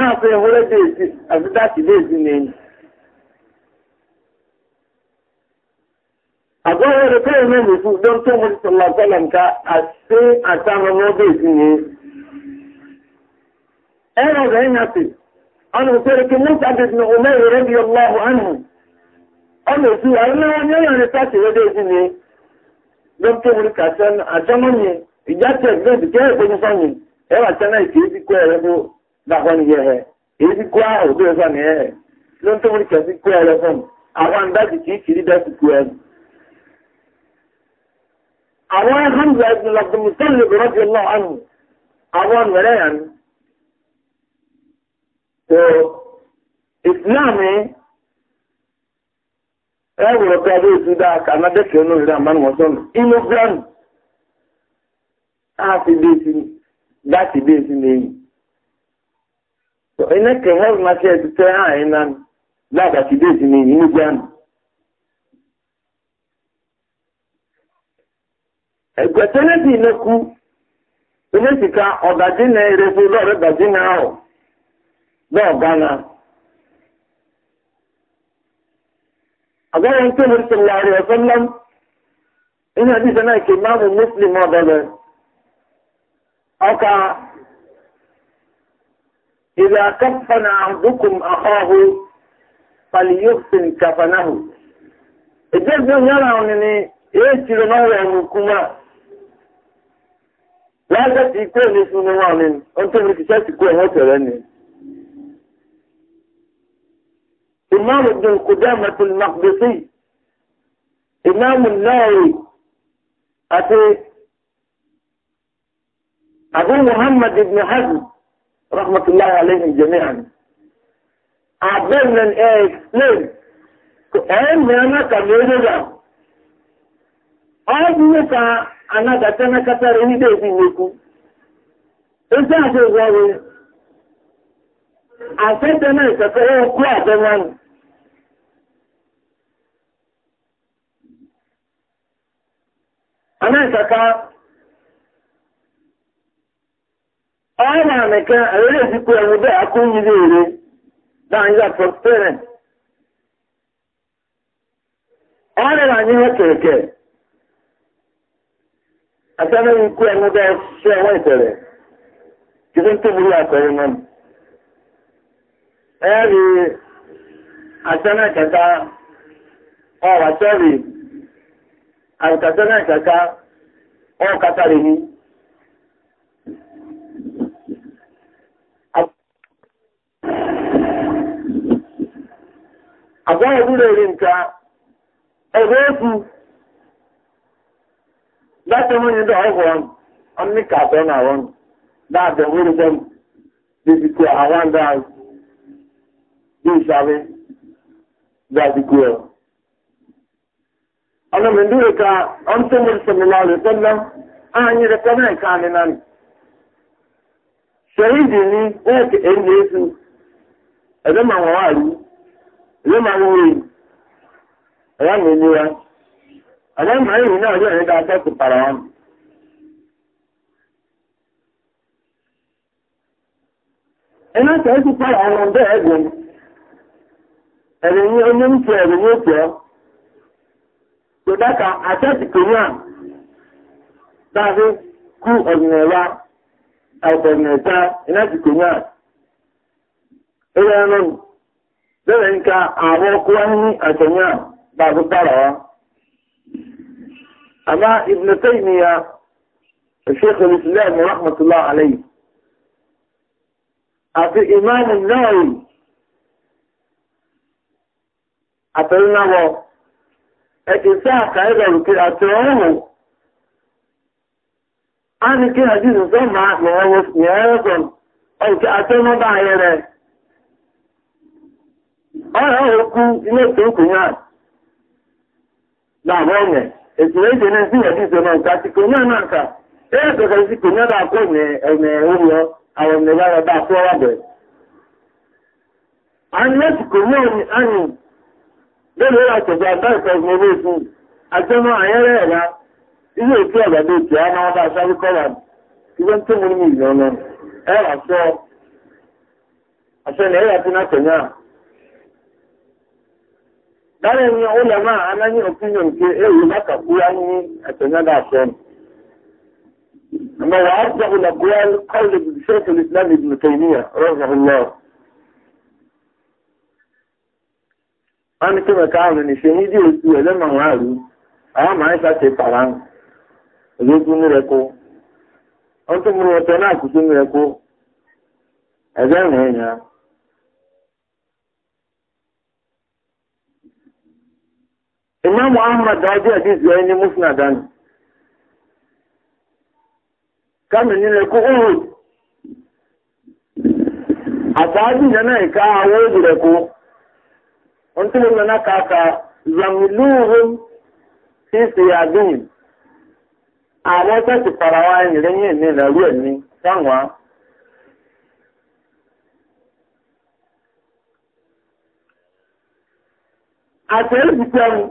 ahụ ehore dị ezi azụta si dị ezi n'enyi àgọ́ ẹ̀rọ tó yẹ mẹ́rin fún don na mú sọ̀lá sọ́lá nǹka àti àtàwọn ọmọ ọdún èsì ni ẹ̀rọ rẹ̀ ń yàtì ọ̀nà òṣèré kí mọ́ta bèbè ní ọmọ ẹ̀rọ ọnụ. ọlọ́hu ánù ọ̀nà òṣù àìláwọ̀ ní dáhùn yẹ ẹ èyí ti kó àrùn bí ẹ̀fọ́ ni ẹ̀ ló ń tó múlí kẹ̀sí kó ẹ̀rọ fún mi àwọn àǹdájì kì í kì í dẹ́sì kó ẹ̀rù. àwọn hamza ibn abdul tali rọ́bì náà ànú àwọn mẹ̀rẹ̀ yẹn tó islam ẹ wùrọ̀ pé adé ìtú dáa kà ná dẹ́kẹ̀ ẹ̀ lórí àmà nụ sọ̀nù inú gíláàmù láti dé sí ní láti dé sí ní èyí. e ke health market tẹ ahụ náà ládàtí déètì ní inú jáàmù. ẹgbẹ̀tẹ́lẹ́dì lẹ́kú onésìka ọ̀dàjì náà erefo lọ́ọ̀rẹ́ dàjì náà ọ̀ bẹ́ẹ̀ gánà. àgbáyé tó lórí sọ̀rọ̀ àrẹ ọ̀sán lọ́m inú ẹbí sọ náà máàmù mùsùlùmí ọ̀dọ́lẹ̀ ọkà. إذا كفن أحدكم أخاه فليحسن كفنه ìjẹ́jẹ́ yára òní ni èé ti rẹ̀ náà rẹ̀ òkú máa láàjẹ́ ti pé ní fún ní wọn ni wọ́n tó ní kìíṣẹ́ ti kó ẹ̀wọ́n tẹ̀rẹ́ ni ìmáàmù ibn hajj رحمة الله عليهم جميعا عبدالنا الإسلام أهم هنا كميرجا أبنك أنا كتنا كتر هيدا في ميكو إنسا شغالي أفتنا كتر كوا كمان أنا كتر ọ na-amịka ere esikwa ya nwụde akụ nyiri ere na-anyị ya transparent ọ na anyị ha keke asana ikwu ya nwụde shi ya nwaitere kiri ntụgburu ya kọrọ nọ eri asana kaka ọ wasọri asana kaka ọ àbá ìwúrò èrè nǹka ẹ̀rọ egwu láti mú yìí dọ̀ ọ̀hún ọ̀nìkà àbẹ́ nà wọn dáadọ̀ wúrò bọ́m bíbi kú àwọn dá bí ìsàbí dáadì kú ẹ̀. ọ̀nà mẹ́ndúrò ka ọ̀n tó mú sọ̀mùlá rẹ̀ tọ́lá ààyè rẹ̀ tọ́lá ẹ̀ka ni náà ṣẹ̀yìn dì ní wọ́n ti ẹ̀yìn Jésù ẹ̀dẹ́ màwọn wà rí. ìwé ma wọ orí ẹ̀yà mi ní ya àwọn ọmọ ìrìn náà yóò rí dáadáa tó para wọn. iná tẹ̀ sí para wọn bẹ́ẹ̀ onye ẹ̀rìn ní oní ń tẹ ẹ̀rìn ọdịnala bẹ́ẹ̀ nka àwọn ọkọ̀ ní àtẹ̀yà bàbá pàrọ̀ wa. àmá ibn taymiya sheikh islam rahmatulah alayhi àti imam nawawi àtẹ̀yìnàwọ̀ ẹ̀kì sáà kàídà rùkì àti ọ̀hún a ní kí àjíṣẹ́ máa ní ẹ̀rọ sọ̀rọ̀ ọ̀kì àtẹ̀yìnàbà ayẹrẹ ọrịa ahụ okwu na okenye e a na-agba onye etinye ije na ezi wadi izo na nka e siko onye na nka ee tọkara siko a na-akwụ eme ụlọ awọ mmega ya da anyị e na anyị ẹ̀rọ àtẹ̀gbẹ̀ àbáìkọ̀ bá náà tẹ̀yà Dara enye ụlọma anaghị opinion nke ewu maka Kurani atanyada asọm. Ama wa arja ulagwal kawli bin Sheikh al-Islam ibn Taymiyyah rahimahullah. Wani kuma ka hau ne otu ma nwa aru. ma aisha na imam ahmad da ọjọ́ ẹ̀dízì ẹni musnadan kánú nílẹ̀ kú uhud àtàájú ìjẹ́nà ìka àwọn òbúrẹ̀ kú ohun tí wọ́n lọ́nà kàkà zamilúhùn tí sì àdúyìn àwọn tẹ́sì parawa ìrìnyìn ní ìlẹ̀rú ẹ̀mí sáwọn àti ẹ̀rù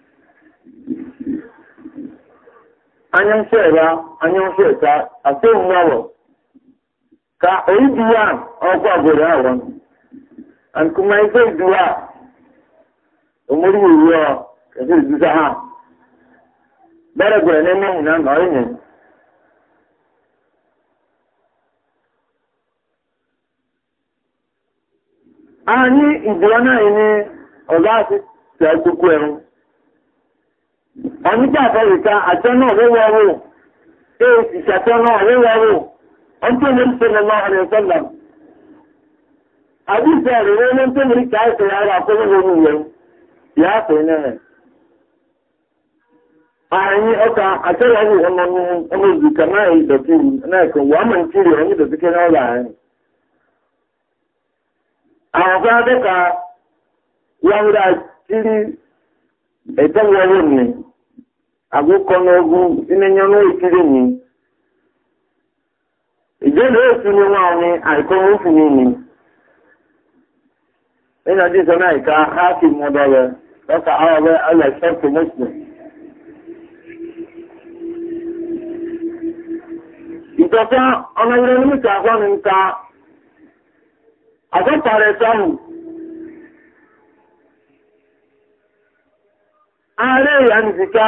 anya nkwera anya nkweta ate mmanwụ ka oyibi ya ọkwa gwere awọ and kuma ife duwa omori wuri ọ kedu izuza ha bere gwere n'ime ụnya na ọyịnye anyị iduwa naanị ọga asị si akwụkwọ ẹ̀rùn ọ̀nìjà àfẹ́ríkà àjọ náà wíwọ́ wò èyí sì ṣàjọ náà wíwọ́ wò ọ̀n tó lè ń tó lọ́wọ́ ọ̀rẹ́ sọ́lá àdúgbò rẹ̀ wọ́n ló ń tó lè káàkiri ara àkọ́lọ́wọ́ ní ìwẹ̀ yàá pè ní rẹ̀ ààyè ọkà àtẹ́lẹ́wò ọmọ ọmọ ìdìkà náà ìdọ̀tí náà kò agụkọ n'ogwu inenye n'ekiri ni nwaanyị àìkọ́wọ́ òfin ni ina haki mọdọrọ lọ́ka arabe alẹ́sẹ̀tì muslim ìjọba ọmọ ilẹ̀ nímìtì àkọ́ ni nta àgọ́pàrẹ̀ sáhùn ààrẹ ìyànjìká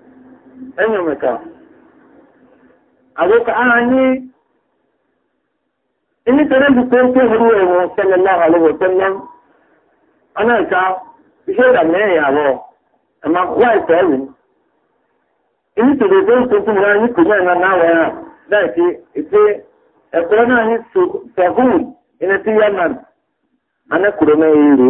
enyomeka agoka anyi ini e wo ka ise da me ya wo ama kwa ite ni ini tere bu ko ko ra ni ko na na ya da e ti ite e, e ya na ni su sahun ina ti yana ana kuro na yiri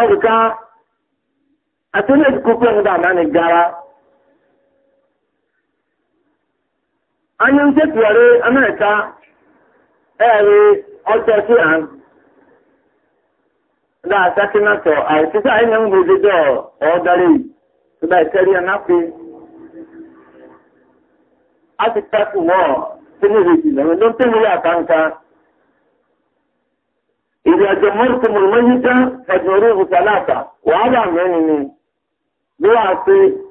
ọdụka atụle ikuku ọhụrụ ama na gara anyị nchetuwere amerịka ere ọchọchị ha da asatị natọ anyị na mgbe ọdara tụba ekeri ya nafe na aka nka إذا جمرتم الميت فاجمروه ثلاثة وهذا يعني لوعطي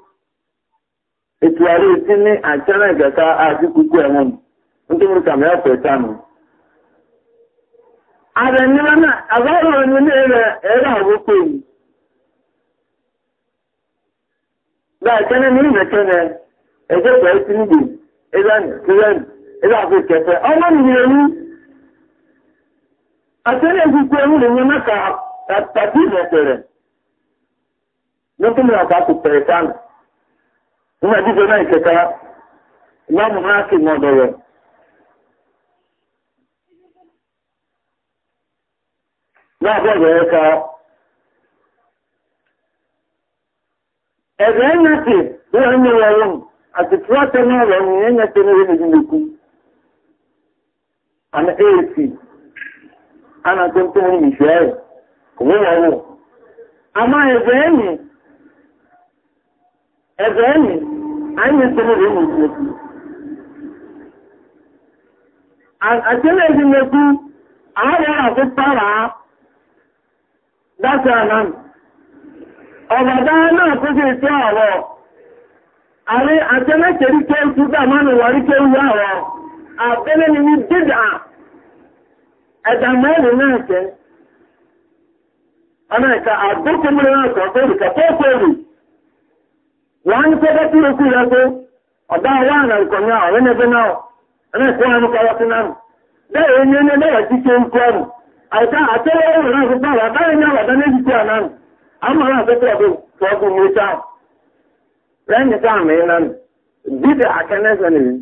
ìtùwárí tí ní àṣẹ́rẹ́ ìgbẹ̀ta àti kúkú ẹ̀wọ̀n nítorí kàmí ọ̀pẹ̀ ìtànù. ààrẹ nílá náà àbárò ní ilé rẹ̀ ẹ̀rọ àwọ́pẹ̀ yìí. bá ìkẹ́ni ní ìrẹ̀kẹ́ni ẹgbẹ́ pẹ̀lú tí níbi ìlànà ìlànà ìlànà asẹ́rẹ́ egungun ẹ̀rù lè yẹn mẹ́ta tàbí ìrẹsẹ̀rẹ̀ lókè náà bá kò pẹ̀rẹ̀ sáà nígbà tí ìjọba ìkẹta ìmáàmù náà kì mọ́ bẹ̀rẹ̀. náà bọ̀ bẹ̀rẹ̀ ká ẹ̀rẹ̀ ẹ̀yẹ ti ń yẹ wọ́n àti tí wọ́n tẹ́ náà lọ́wọ́ ẹ̀yẹ ní ìrìnlẹ̀kùn àmì ana tó ń tó ń mìṣẹ́ rẹ̀ òun eze wọ̀. Eze ẹ̀fẹ̀ ẹ̀yìn ẹ̀fẹ̀ ẹ̀yìn àyìn tó lè mú ìṣẹ́ sí. àtẹ́lẹ̀ ti lè kú àti pààrà dáṣà náà. ọ̀bàdá náà tó ṣe iṣẹ́ ọ̀rọ̀ àrí àtẹ́lẹ̀ kẹ́ríkẹ́ ìtúgbà mánu wà rí kẹ́rù yà àtẹ́lẹ̀ ẹ̀dá mẹ́rin náà jẹ́ ọmọ ẹ̀ka àgbókùnrin náà kọ̀ pẹ̀lú kẹfẹ́ pẹ̀lú wọ́n ń tẹ́gbẹ́ tí okú rẹ̀ tó ọ̀dá wà nà nǹkan náà ọ̀rẹ́ nẹ́gbẹ́ náà ẹ̀rẹ́ kó ẹnu kọ́ wọ́n náà bẹ́ẹ̀ ẹni ẹni lẹ́yẹ̀ tí ṣe ń kọ́ ẹ̀rù àìká àtẹ́wọ́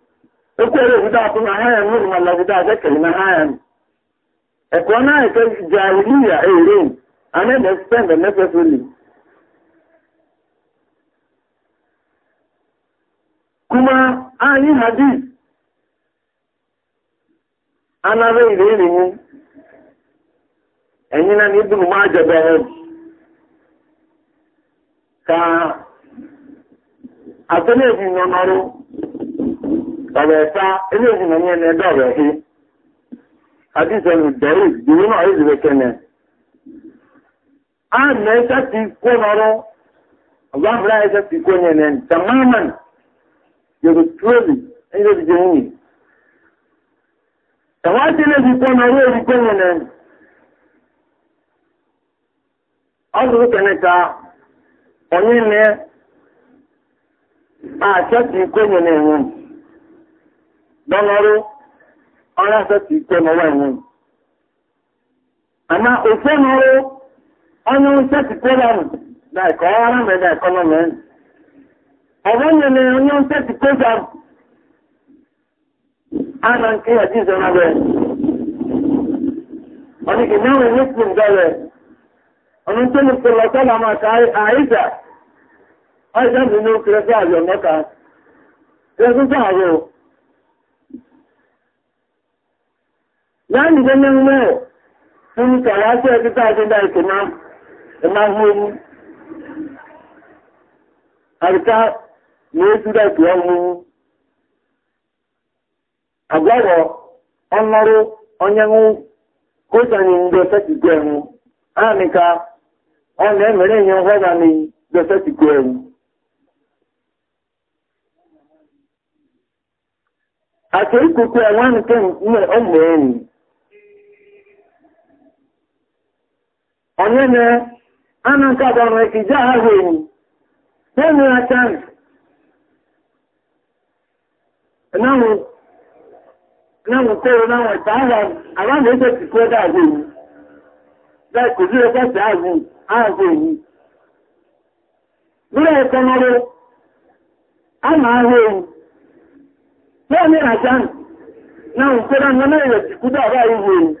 ekwere obodo akụ na ha ya nwere mala obodo aja kere na ha ya ekwe ọ naghị ke jahiliya eren ana eme spend necessarily kuma anyị hadis anara ire eriwu enyina na ibunu ma ajabeghị ka atọ na-ebi nọ n'ọrụ ọ̀bẹ̀ẹ̀ta eléyìnà ní ẹni ẹ̀dọ́ ọ̀rẹ̀ ẹ̀hí àdíṣẹ́lù dẹ̀rí ìdúró náà yìí na kẹ́nẹ̀ ààrẹ ẹ̀ṣẹ́ ti kó nọrọ ọ̀gbáfúra ẹ̀ṣẹ́ ti kó yẹnẹ̀ tamaman yóò tóbi ẹ̀yọ́ ti jẹun yìí tàwátí lè fi kó nọrọ èyí kó yẹnẹ̀ ọdún kẹ́nẹ̀ta ọ̀yìn ní àṣẹ́ ti kó yẹnẹ̀ dọlọrụ ọrụ asatọ ike n'ụwa enwe ana ofe n'ọrụ onye nsetịkwere ahụ na ka ọ ghara mede ekọnọmi ọgọ nyere onye nsetịkwere ahụ ana nke ya jizọ na be ọdị gị na nwere muslim dọlọ ọdị ntụnụ ọsọ sọlọ maka aịza aịza bụ n'okere fị azọ mọka ya zụta ahụ láàrín ìgbẹ́ mmemme mẹ́rin fún ní kàláṣí ẹgbẹ́ta àjẹ́dá ìkè máa ẹmá hún omi àríká ní ó túnjẹ́ ìkè ọmọ omi àgbọ́rọ̀ ọlọ́rú ọnyẹ́wú kó sẹ́ni ń bẹ́ fẹ́tì gbọ́ ẹ̀hún áàmìka ọ̀nà ẹ̀mẹ̀rẹ̀ yẹn họ́dà ní ẹ̀hún onye na ana nke agara ije ahụ ewu na-enwere na-anwụtoro na nweta na eze tikọ da ahụ ewu da kụziri ekwesị ahụ ahụ ewu bụrụ eke n'ọrụ a ahụ ewu na na na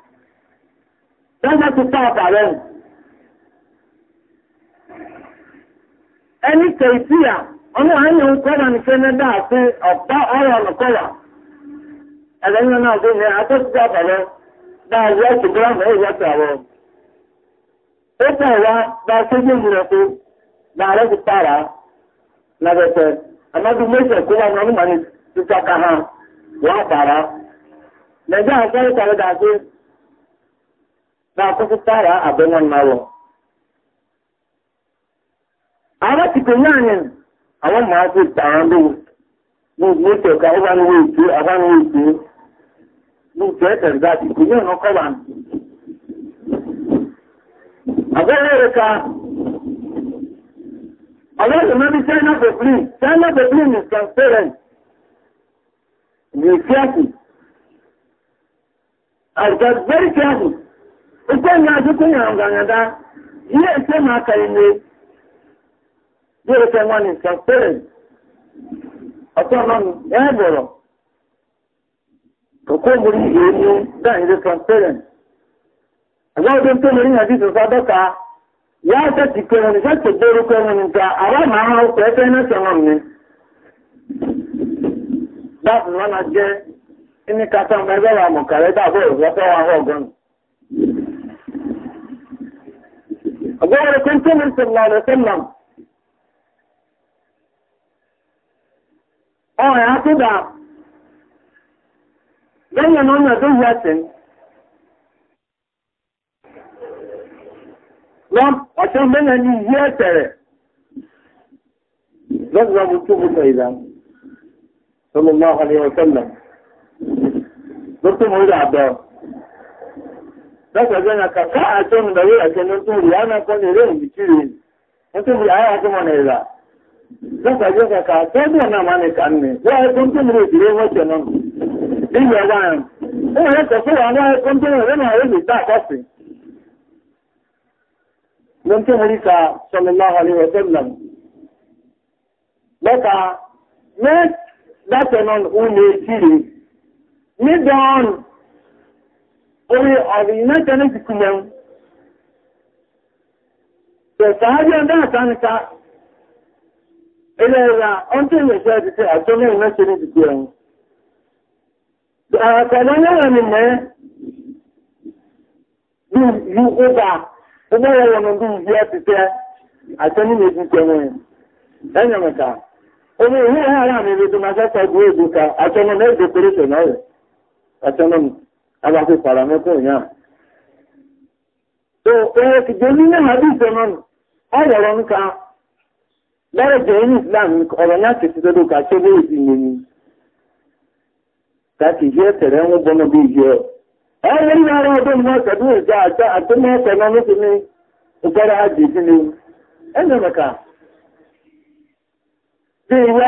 lọ́jọ́ ti tán ọ̀tà rẹ̀ nù. ẹni kẹ̀sí à ọmọ àyẹ̀ ń kọ́ra ní kẹ́nẹ́dà àti ọ̀pá ọ̀rọ̀ ọ̀nàkọ́wà ẹlẹ́yìn a rẹ̀ ẹ̀kì gírámù ẹ̀yẹ àwọ̀. ó tẹ̀ wá bá a ṣẹ́jú na akwụkwọ tara abin wannan ruwan. A matikin yanin a maazị masu tsaron da ne ka uban wuce a ban wuce wuce ya tarza ki ku yin hukuman. Abin rarraka Allah da China China is transparent. ite na duk nyere gangada yi ite ma kai ne yóò fẹ́ wọn ní transparent ọ̀tọ́ ọlọ́nu ẹ̀ bọ̀rọ̀ kòkó mo rí ìwé ní dáhìn ní transparent àgbà ọdún tó lórí ya ìsọ̀sọ́ dọ́ka yá sẹ́tì أقول كنت من صلى الله عليه وسلم أو آه، يا كده بين نعم، أن دولة لم أشعر منها نياتر لذا مكتوب إذا صلى الله عليه وسلم Dọ́kọ̀ jẹ́ na kàkà àtọ́nù bẹ̀rẹ̀ àjẹ́nà tó rí àná kọ́ ní eré ìbí tí rí. Wọ́n tó rí àyà tó mọ̀ ní ìlà. Dọ́kọ̀ jẹ́ kàkà àtọ́nù náà máa ní kàn ní. Wọ́n ayé tó ń tó mú ìdílé wọ́n tẹ̀ náà. Nígbà wà ń. Ó yẹ kọ̀ fún àwọn ayé tó ń tó mú ìrẹ́nà ayé lè dá àkọ́sì. Ló ń tó mú ìka sallallahu alaihi wa sallam. Lọ́ta, mẹ́ dátẹ̀ náà ó lè kí onye ọ̀rọ̀ iná tẹ́lẹ̀ ti kú mẹ́rún. Tẹ̀sàájú ọdá àtànìká ilẹ̀ ẹ̀rà ọdún ìrẹsẹ̀ ti tẹ́ àjọ mẹ́rin mẹ́sẹ̀ ní ìdìbò ẹ̀rùn. Àtàlẹ́ yẹ́rẹ̀ ni mẹ́ bí yú ó bà ọmọ ẹ̀rọ ọmọ bí ìdí ẹ̀ ti tẹ́ àjọ nínú ìdìbò ẹ̀rùn. Ẹ̀yẹ̀ mẹ́ta, omi ìwé ka àjọ mọ́ mẹ́rin abakú paramẹ́kọ̀ yàn. tó ẹ̀rọ kìjọ nínú hadith ọmọ ọ̀rọ̀ nǹka lọ́rọ̀ jẹ́ ní islam ọ̀rọ̀ náà ti ti dọ́dọ̀ ká ṣe bẹ́ẹ̀ sí ni ka káàkiri ìṣe ẹ̀tẹ̀rẹ̀ ń gbọ́nà bí ìṣe ọ̀. ọ̀rọ̀ ní ara ọdún mọ́ ṣẹ̀dú ìjà àjá àtúmọ̀ ọ̀sẹ̀ náà ló ti ní ìgbára àjì sí ni ẹ̀nà mẹ́ka. bí ìwà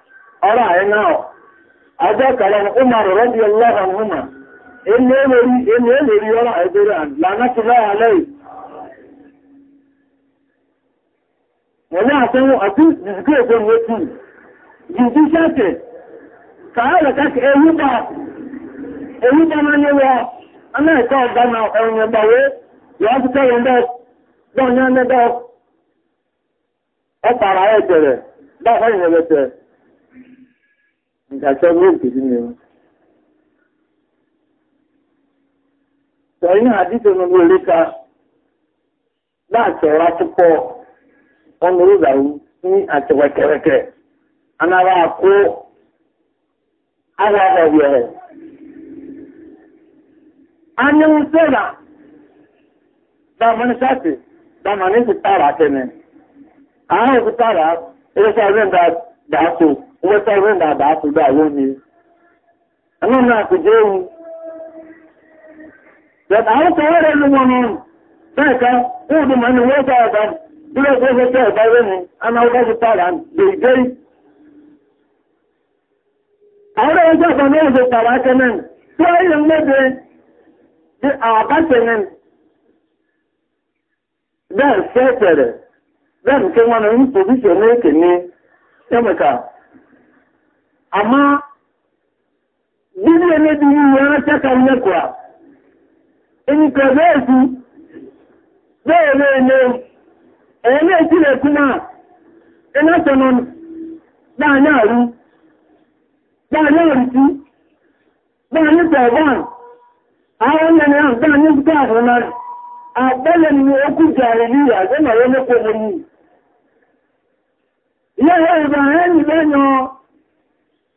ọ̀rọ̀ àyẹn náà ọjọ́ kẹrẹ umar rọ́bì ọlọ́run húnmà ẹni èlérí ọ̀rọ̀ àìbẹ̀rẹ̀ àdìlànà ti rẹ̀ alẹ́ wọ́n ní àtẹ́wọ̀n àti ìdíkẹ́ èkó ní ojú jìdí sẹ́tẹ̀ kààrẹ̀ kàkẹ́ ewúpa ewúpa máa ní wọ amẹ́ẹ̀kọ́ ọ̀gbọ́n ọ̀rùn ẹgbàwó yọ́ ti ọ nke achọghị nkeji mmiri sọ ka na-achọrọ akwụkwọ ọnụrụ zaru ní àtẹ̀wẹ̀ kẹ̀rẹ̀kẹ̀ anára kó ara ọ̀wẹ̀ rẹ̀ a ní ń sẹ́ra dámọ́ní sáàtì dámọ́ní sí tààrà tẹ́nẹ̀ nweta ihe na-ada asụgbọ ala mmiri ana m akụje ewu yet awụsa nwere elu nwa n'ọnụ dịka ụdị ma ndị nweta ọba bụrụ ekwe nweta ọba ihe nụ anawụga zụta ala deidei awụra nweta ọba na ụzọ tara aka na tụọ ihe mmebe dị abatenye dee fetere dee nke nwa na nsogbu so na-ekene emeka amma ndị da na biyu ya saka na kuwa in ka zai su zai zai ne a ne shi ne kuma ina sanon da yaru da yawarci da ni tsoban a wannan ahụ da ni suka okwu a ɗalan na oku jariliya zama ya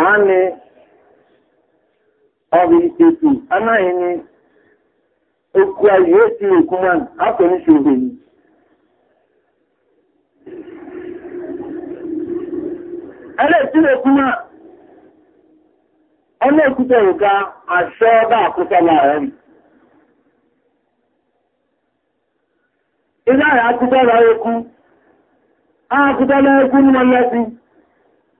àánì ọ̀rọ̀ ìtẹ̀tù anáyìn ni ha ayé ti òkúnmọ́n ápẹ̀lúṣòro yìí ẹlẹ́tí òkúnmọ́ ẹlẹ́kútẹ̀ òká àṣọ ọba àkúsọ́lá rẹ̀ ilé àyà akúsọ́lá ẹkú á akúsọ́lá ẹkú ní wọ́n lẹ́sìn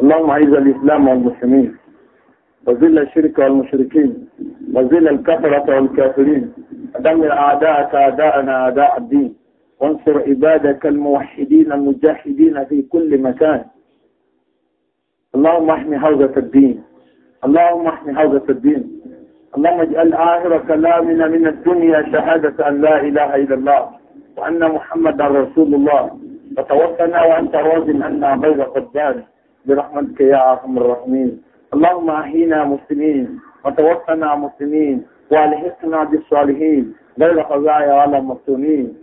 اللهم اعز الإسلام والمسلمين وذل الشرك والمشركين وذل الكفرة والكافرين ودمر أعداءك أعداءنا أعداء الدين وانصر عبادك الموحدين المجاهدين في كل مكان اللهم احمي حوزة الدين اللهم احمي حوزة الدين اللهم اجعل آخر كلامنا من الدنيا شهادة أن لا إله إلا الله وأن محمدا رسول الله وتوفنا وأنت راض عنا غير قدامك برحمتك يا ارحم الراحمين اللهم احينا مسلمين وتوفنا مسلمين والحقنا بالصالحين غير قضايا ولا مفتونين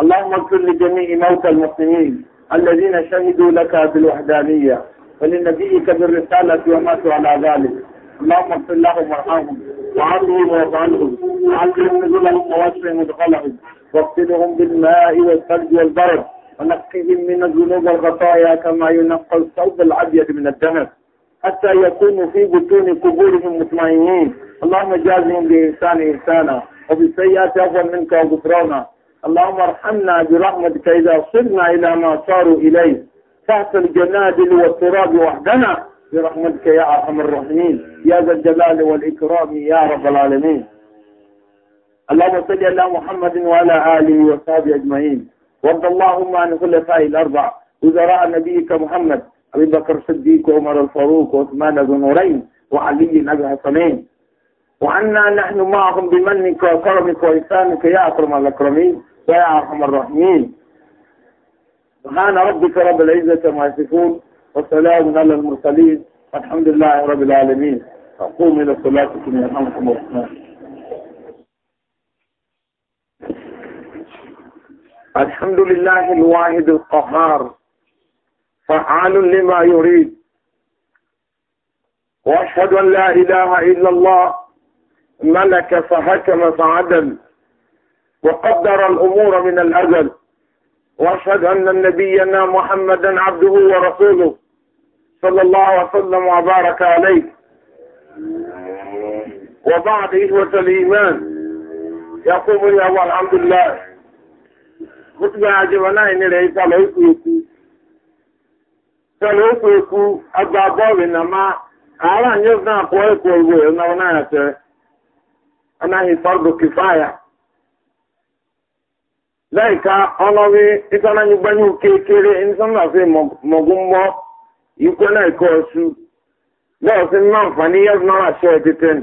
اللهم اغفر لجميع موتى المسلمين الذين شهدوا لك بالوحدانيه ولنبيك بالرساله وماتوا على ذلك اللهم اغفر لهم وارحمهم وعافهم وافعلهم وعافهم لهم ووسع مدخلهم واغسلهم بالماء والثلج والبرد ونقهم من الذنوب والخطايا كما ينقى الثوب الأبيض من الدنس حتى يكونوا في بطون قبورهم مطمئنين اللهم جازهم بإنسان إنسانا وبالسيئات أفضل منك وغفرانا اللهم ارحمنا برحمتك إذا صرنا إلى ما صاروا إليه تحت الجنادل والتراب وحدنا برحمتك يا أرحم الراحمين يا ذا الجلال والإكرام يا رب العالمين اللهم صل على محمد وعلى آله وصحبه أجمعين وارض اللهم عن الخلفاء الأربع وزراء نبيك محمد أبي بكر الصديق وعمر الفاروق وعثمان بن نورين وعلي بن أبي حسنين وعنا نحن معهم بمنك وكرمك وإحسانك يا أكرم الأكرمين ويا أرحم الراحمين سبحان ربك رب العزة ما يصفون وسلام على المرسلين والحمد لله رب العالمين أقوم إلى صلاتكم يرحمكم الرحمن الحمد لله الواحد القهار فعال لما يريد واشهد ان لا اله الا الله ملك فحكم فعدل وقدر الامور من الازل واشهد ان نبينا محمدا عبده ورسوله صلى الله وسلم وبارك عليه وبعد اخوه الايمان يقوم لي والحمد لله mụtụgharịwa naanị rẹ̀ ìsàlẹ̀ ikú oku ìsàlẹ̀ oku ikú agba bọ́ọ̀lù na ma àárọ̀ ànyé náà kọ́ ẹ̀kọ́ ìwé ya. na náà tẹ̀ anaghị fọdụ kìfáyà lẹ́yìnká ọlọ́wé ìsànàyí gbanyú kékeré ìsànàfẹ́ mọ̀gúnmọ́ ìkọ́ náà ẹ̀kọ́ ọ̀ṣù lẹ́yìn fún náà fani yẹ́ náà ṣe ẹ̀ títẹ́ni.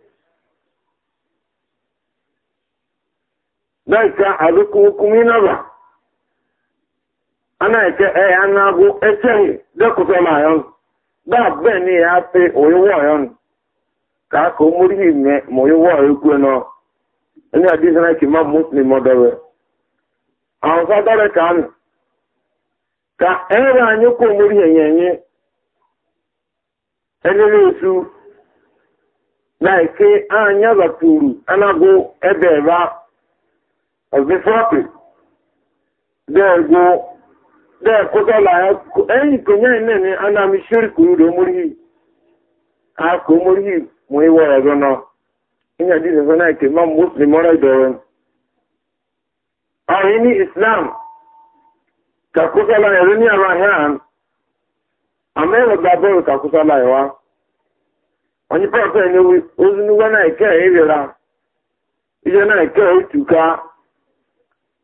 dịka adịka ukwu a na-eke eya na-abụ echeghị dekụtala ya e dabbe ni ya pe oyiwo ka aka na kima muslim ọdọwe ahụ ka anụ ka e ere anyị kwa omorihi enyenye enyere esu na-eke anya baturu anagụ ebe ọ̀gbẹ́fọ́ọ̀pì dẹ́ẹ̀gbọ́ dẹ́ẹ̀kọ́tọ́lá ẹ̀yìn kònyẹ́ iná ni anami ṣíríkùrú rẹ̀ mórí yìí akọ̀ mórí mú ìwọ̀ ẹ̀rọ náà ìyẹn àti ìṣẹ̀ṣẹ̀ náà kì máa mùsùlùmí mọ́rọ̀ ìdọ̀rọ̀ ọ̀rẹ́ ní islam ozi nígbà náà náà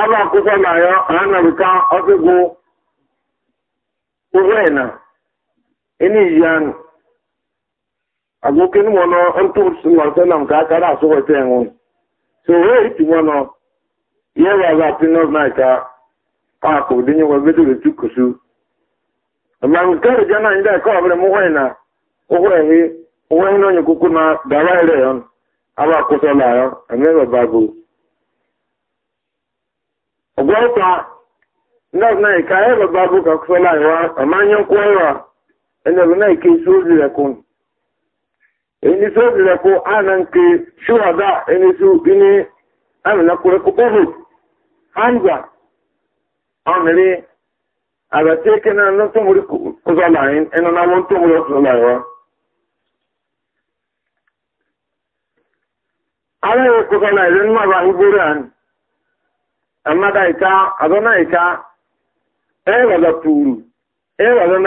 agba akwụkwọ na ya anabika ọkụgwụ ụgbọena enijianu abokin ka kara so wata yanwon so wai ti mono yawa za pino na ka pa ko dinyo wa bedu de tukusu amma mun kare jana inda ka abre mu hoina ohoehi ohoehi no nyukukuna dawaire yon aba ọgwọkwa ndọbụna 2009 e anyị baba bụ ka kufela iwa amanya nkwọrọ ndọbụna ike e isi ozi lekun ini isi ozi a ana nke shuhada ini a ini amina kure hanza ọmịrị eke na ntumuri ụzọ anyị eno na ntumuri ụzọ laiwa ala ya kusa na anyị. amada ika azona ika na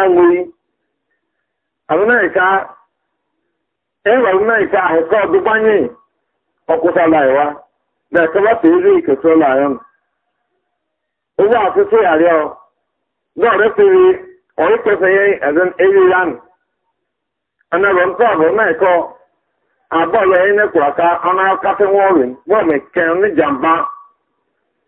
ngui azona ika ewala na ko ahụka ọdụgbanye ọkwụsala iwa na ekebata ezi ikesola yon ụgbọ asụsụ yarịọ dọrọ siri ọrịkpeseghe ezin eriran anabọ ntọ abụ na ịkọ abọọlụ onye na-ekwuru aka ọnụ akasị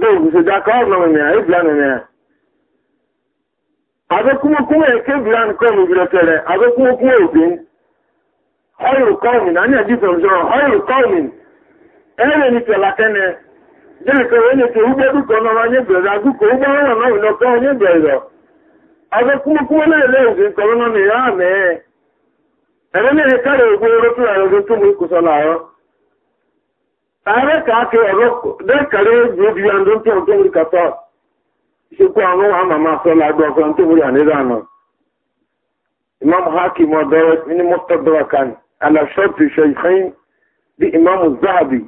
lóò gbèsè dàkọ ọgbà mẹmẹrà ebìlà mẹmẹrà abekumokuma eke ebìlà nkọ mi bìrẹ tẹrẹ abekumokuma obìn ọyọ kọọmin àní ẹdífẹ ọsọrọ ọyọ kọọmin ẹnlẹ ní tẹlá kẹnẹ jẹrìkọ wọn ètò ugbẹ dúkọ náà kọ wọn yẹ bẹrẹ abekumokuma náà lẹyìn òsì nkọ náà nìyá mẹ ẹrẹ ní na rẹ ògbó ẹrọ tó rà ẹrọ tó mú ikùsọ Tare ka aka ọzọ dekare bibi ya ndị ntị nke nwere kata chukwu anụ ama m afọ lagbu ọzọ ntị nwere ya n'ebe anọ. Imam Hakim ọdọrọ ndị mụtadọrọ kan ala shọpụ shaikhain dị Imam Zahabi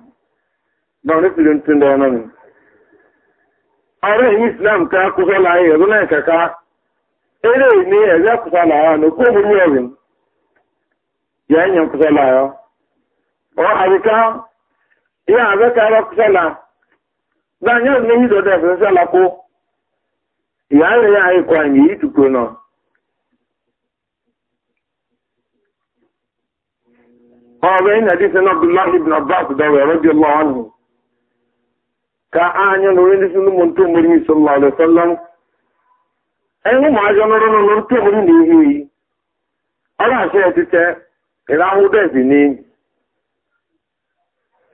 na ndị siri ntị ndị ọnụ nụ. Ọrụ ihe Islam ka akwụkwọ la ya ọzọ na-ekeka ere ni ẹ̀rẹ́ kùsà làárá ní kó mú ní ọ̀rìn yẹ́ ẹ̀yẹ̀ kùsà làárá. Ọ ihe abekara kusala gbanye ne hido de kusala ko ya ne ya ai kwa ni ituko no ọ̀rọ̀ iná dísẹ́ náà abdullahi ibn abbas dáwẹ̀ rọ́bí aláwọ̀nù ka ányẹ́ lórí dísẹ́ ní mọ̀tò mọ̀rí sọ́lá alẹ́sọ́lám ẹni mọ̀ ajọ́ lọ́rọ́ lọ́rọ́ ni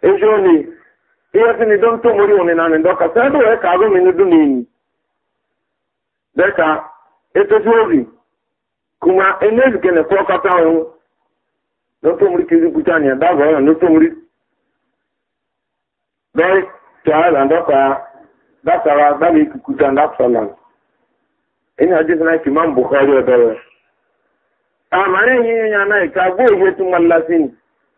ezi oni ihe si ni don tomori oni na ni doka sai do e ka go mi nudu ni deka eto si obi kuma enezi kene ko kata o don tomori kizi kuta ni da go no tomori dai ta la doka da sara da ni kuta da sala ina hadith na imam bukhari da amma ne yin yana ka go ye tumallasin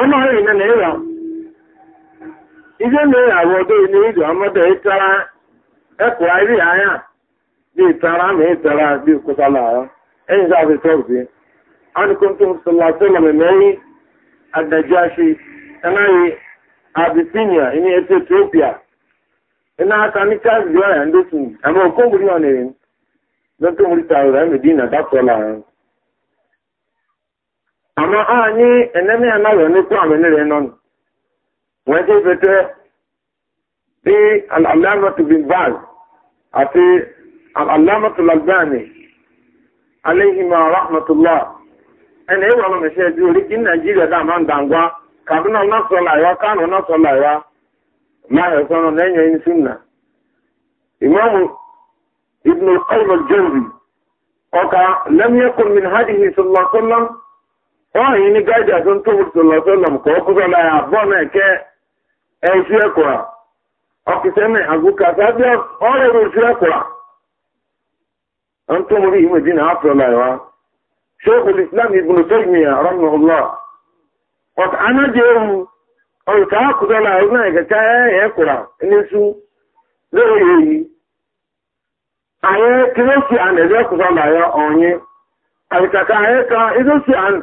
ọmọ rẹ̀ náà ẹ̀rọ ilé ní àwọn ọdọ́ ilé ìjọ ọmọdé ìtara ẹ̀kọ́ ayé àyà bí ìtara mi ìtara bí ìkọta làárọ̀ ẹ̀yìn sáà fi tọ́ sí anìkóntó sọlọ́sọlọ́ mẹ́mẹ́rin adájáṣe ẹnáyé abisinia ní etí ethiopia iná e aka amma anyị eneme ya naghị onekwu amenere nọ nwee ike ibete dị alamatu bin baz àti alamatu lalbani alayhima rahmatullah ẹni ìwà ọmọ ìṣẹ́ ju oríkì nàìjíríà dá máa ń dàngbá kàdúnà náà sọ láyọ kánù náà sọ láyọ máa yọ sọnù lẹ́yìn ẹni súnà ìmọ̀mù ibùdó ọ̀rọ̀ jẹ́rì ọ̀ka lẹ́mìẹ́kùn min hadihi sọlọ́sọlọ́ nwaanyị ndị gaji atụ ntụbụtụlọtụlọm ka ọkụzọla ya abụọ na-eke ezu ekwura ọkụsene agụkasa bịa ọrịa ezu ekwura ntụmụrụ ihe dị na afọla ya shekul islam ibn taymiya rahimahullah ọka anya dị ewu ọrụ ka akụzọla ya ọrụ na-ekeka ya e ekwura n'esu lere ya eyi anyị kiri osi a na-ede ekwuzọla ya onye anyị kaka anyị ka idosi anyị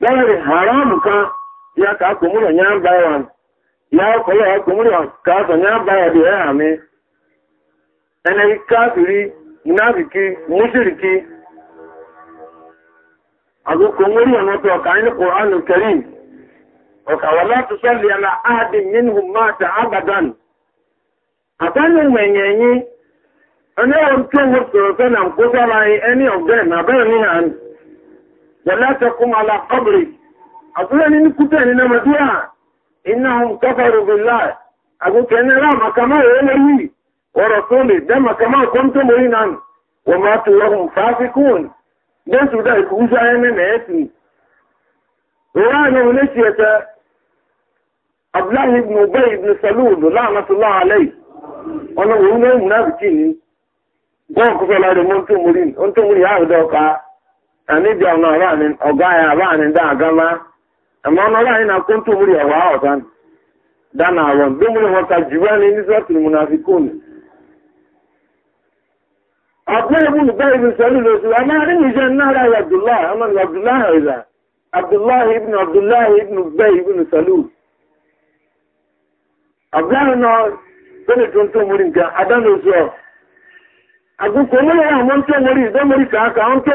dawere haram ka ya ka kumuri nya bayan ya ko ya kumuri ka ya ene munafiki ka ni qur'an karim ka a tusalli ala ahadin minhum mata abadan abanu menyenyi ene on to wo so na ko sala any of them abanu ni ولا تقم على قبري أقول أني كتير هنا مدوعة إنهم كفروا بالله أقول كأن لا مكما يلي ورسولي ده مكما كنتم هنا وماتوا وهم فاسقون ده سودا يكوزا من نأتي وأنا ونشية عبد الله بن أبي بن سلول لعنة الله عليه أنا وهنا منافقين بوكو فلا رمون تمرين أنتم يا أهدوكا ani bi ọ̀nà ọ̀rọ̀ àní ọ̀gá ya àbá àní dá àgámá ẹ̀mọ́ ọ̀nà ọ̀rọ̀ àní na kó tó múlẹ̀ ọ̀wá ọ̀tán dáná àwọn bí múlẹ̀ wọn ta na ní ní sọ́ọ̀tì ní munafikun. ọ̀pẹ́ ìbú ní bẹ́ẹ̀ ibi sọ́ọ̀lù lóṣù àmọ́ abdullahi abdullahi abdullahi abdullahi na ibi tuntun tó tó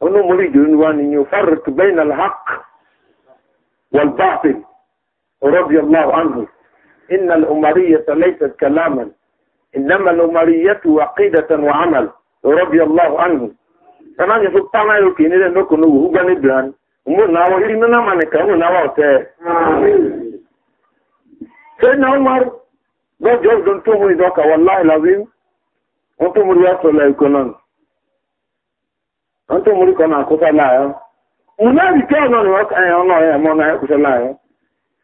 onu muri jirin wani yufarrik bayna alhaq wal batil رضي الله عنه إن الأمرية ليست كلاما إنما الأمرية عقيدة وعمل رضي الله عنه أنا يقول تما يمكن إذا نكون هو جاني بلان أمور ناوى هيري نما منك أمور ناوى تي سيدنا عمر ده جوز دون تومي دوكا والله العظيم أنتم رياض الله يكونون wọ́n tó múrí kan àkókò láàyọ́ mo náà rí kí ọ̀nà ni wọ́n ya yẹn ọ̀nà yẹn mọ́ náà ẹ̀kúṣẹ́ láàyọ́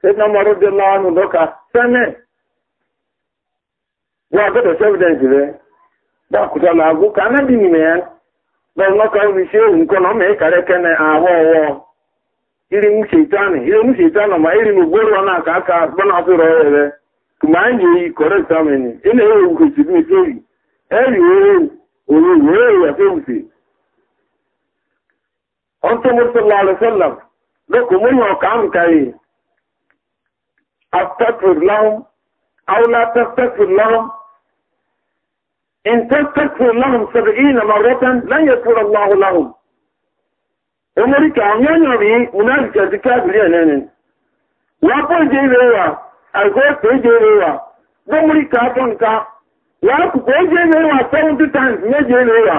ṣẹ́ni ọmọ ọdún láwọn ọdún lọ́ka sẹ́nẹ̀ wọ́n àgbẹ̀dọ̀ sẹ́fìdẹ̀ǹsì rẹ̀ bá àkúṣẹ́ làágùn kà náà bí nọ bẹ́ẹ̀ onye omi ṣé nkọ na ọ ma iri ń iri ń ṣe iri ń gbóró ọ̀nà àkàkà gbọ́nà àfihàn ọ̀rẹ́ rẹ̀ tùmọ̀ à ń ewu ọ̀tọ́ mọ́sọ̀lá alẹ́sọ́lá lọ́kọ̀ mọ́ yàn ọ̀kà àmìkàyè àtẹ́kùrìláhùn àwọlá tẹ́kùrìláhùn ìntẹ́kùrìláhùn sọ̀rọ̀ ìyìn àmàrọ́tán lẹ́yìn ẹ̀kúrọ̀ láhùláhùn omorika ọ̀nyẹ́nyọ̀ rí munafika ti káàkiri ẹ̀nẹ́ni wọ́n pọ̀ ìdí ilé wa àìkọ́ ètò ìdí ilé wa gbọ́mọríkà tó nǹka wọ́n kùkọ́ ìdí ilé wa seventy times méje ilé wa.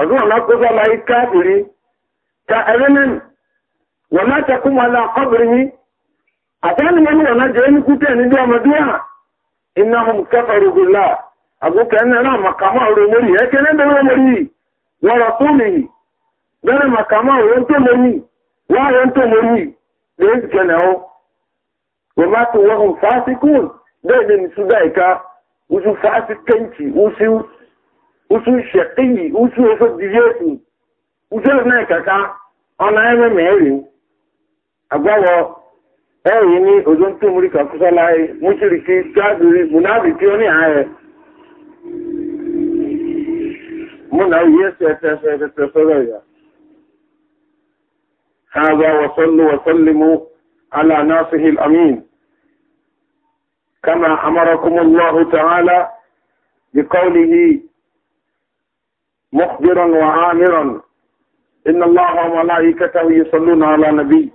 أظن نقض الله الكافر كأذن وما تقوم على قبره أتاني من وما جئني كتاني دوا مدوا إنهم كفروا بالله أقول كأننا مقامة رمري هكذا دوا مري ورسوله دنا مقامة وانتو مري وانتو مري لذلك كانوا وما توهم فاسقون دائما سدائك وشو فاسق كنتي وشو وسو شقي وسو صد ديوتي وسو ما كاكا انا انا ميري اغاوا اي ني اوزون تو موري كاكو سالاي موشريكي كادوري منابي كيوني هاي منا يس يس يس يس يس يس هذا وصلوا وسلموا على ناصه الامين كما امركم الله تعالى بقوله مخبرا وعامرا إن الله وملائكته يصلون على نبي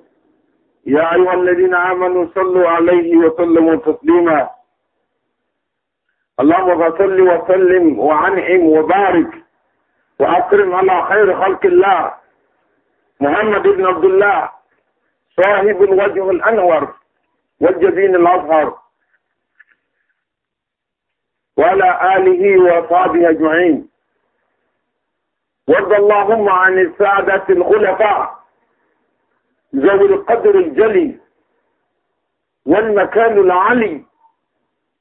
يا أيها الذين آمنوا صلوا عليه وسلموا تسليما اللهم صل وسلم وعنعم وبارك وأكرم على خير خلق الله محمد بن عبد الله صاحب الوجه الأنور والجبين الأظهر وعلى آله وأصحابه أجمعين وارض اللهم عن السادة الخلفاء ذوي القدر الجلي والمكان العلي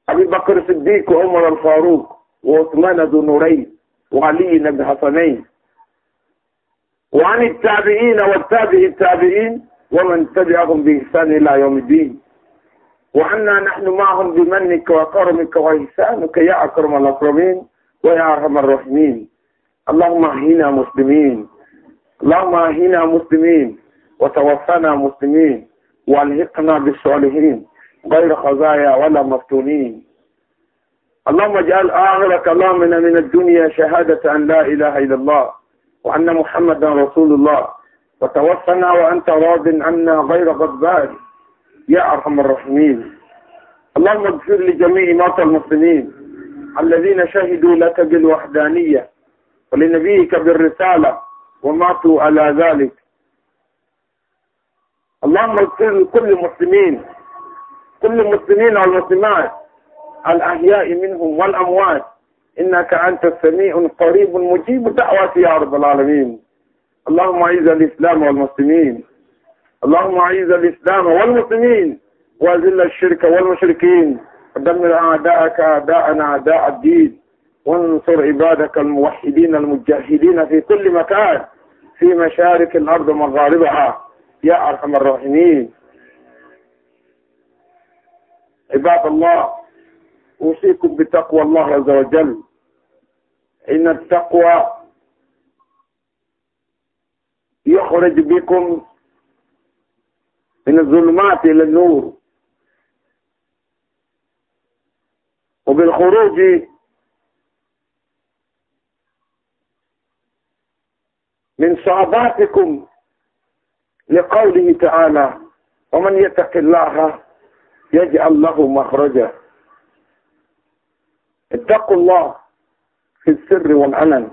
أبي بكر الصديق وعمر الفاروق وعثمان ذو نورين وعلي بن حسنين وعن التابعين والتابع التابعين ومن تبعهم بإحسان إلى يوم الدين وعنا نحن معهم بمنك وكرمك وإحسانك يا أكرم الأكرمين ويا أرحم الراحمين اللهم أهينا مسلمين اللهم أهينا مسلمين وتوفنا مسلمين والهقنا بالصالحين غير خزايا ولا مفتونين اللهم اجعل آخر كلامنا من الدنيا شهادة أن لا إله إلا الله وأن محمدا رسول الله وتوفنا وأنت راض عنا غير غضبان يا أرحم الراحمين اللهم اغفر لجميع موتى المسلمين الذين شهدوا لك بالوحدانية ولنبيك بالرسالة وماتوا على ذلك اللهم اغفر لكل المسلمين كل المسلمين والمسلمات الأحياء منهم والأموات إنك أنت السميع القريب مجيب دعوتي يا رب العالمين اللهم أعز الإسلام والمسلمين اللهم أعز الإسلام والمسلمين وأذل الشرك والمشركين ودمر أعداءك أعداءنا أعداء الدين وانصر عبادك الموحدين المجاهدين في كل مكان في مشارق الأرض ومغاربها يا أرحم الراحمين عباد الله أوصيكم بتقوى الله عز وجل إن التقوى يخرج بكم من الظلمات إلى النور وبالخروج من صعباتكم لقوله تعالى ومن يتق الله يجعل له مخرجا اتقوا الله في السر والعلن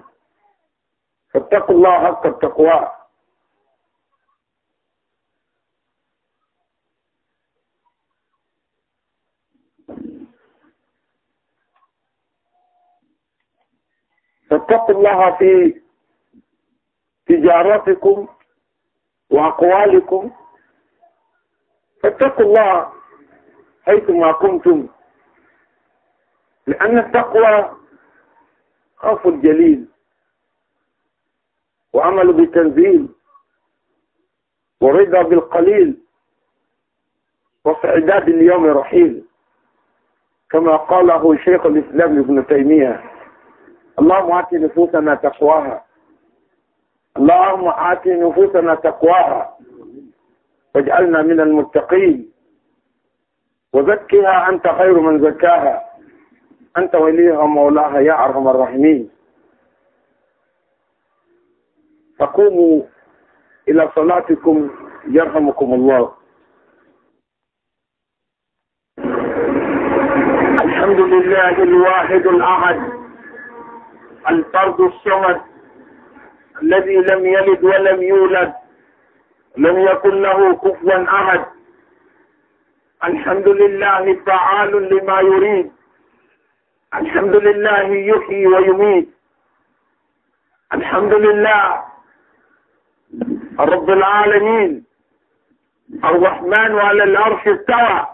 اتقوا الله حق التقوى اتقوا الله في تجارتكم وأقوالكم فاتقوا الله حيثما كنتم لأن التقوى خوف الجليل وعمل بالتنزيل ورضا بالقليل واستعداد اليوم رحيل كما قاله شيخ الإسلام ابن تيمية اللهم آت نفوسنا تقواها اللهم آت نفوسنا تقواها واجعلنا من المتقين وزكها أنت خير من زكاها أنت وليها ومولاها يا أرحم الراحمين فقوموا إلى صلاتكم يرحمكم الله الحمد لله الواحد الأحد الفرد الصمد الذي لم يلد ولم يولد لم يكن له كفوا أحد الحمد لله فعال لما يريد الحمد لله يحيي ويميت الحمد لله رب العالمين الرحمن على العرش استوى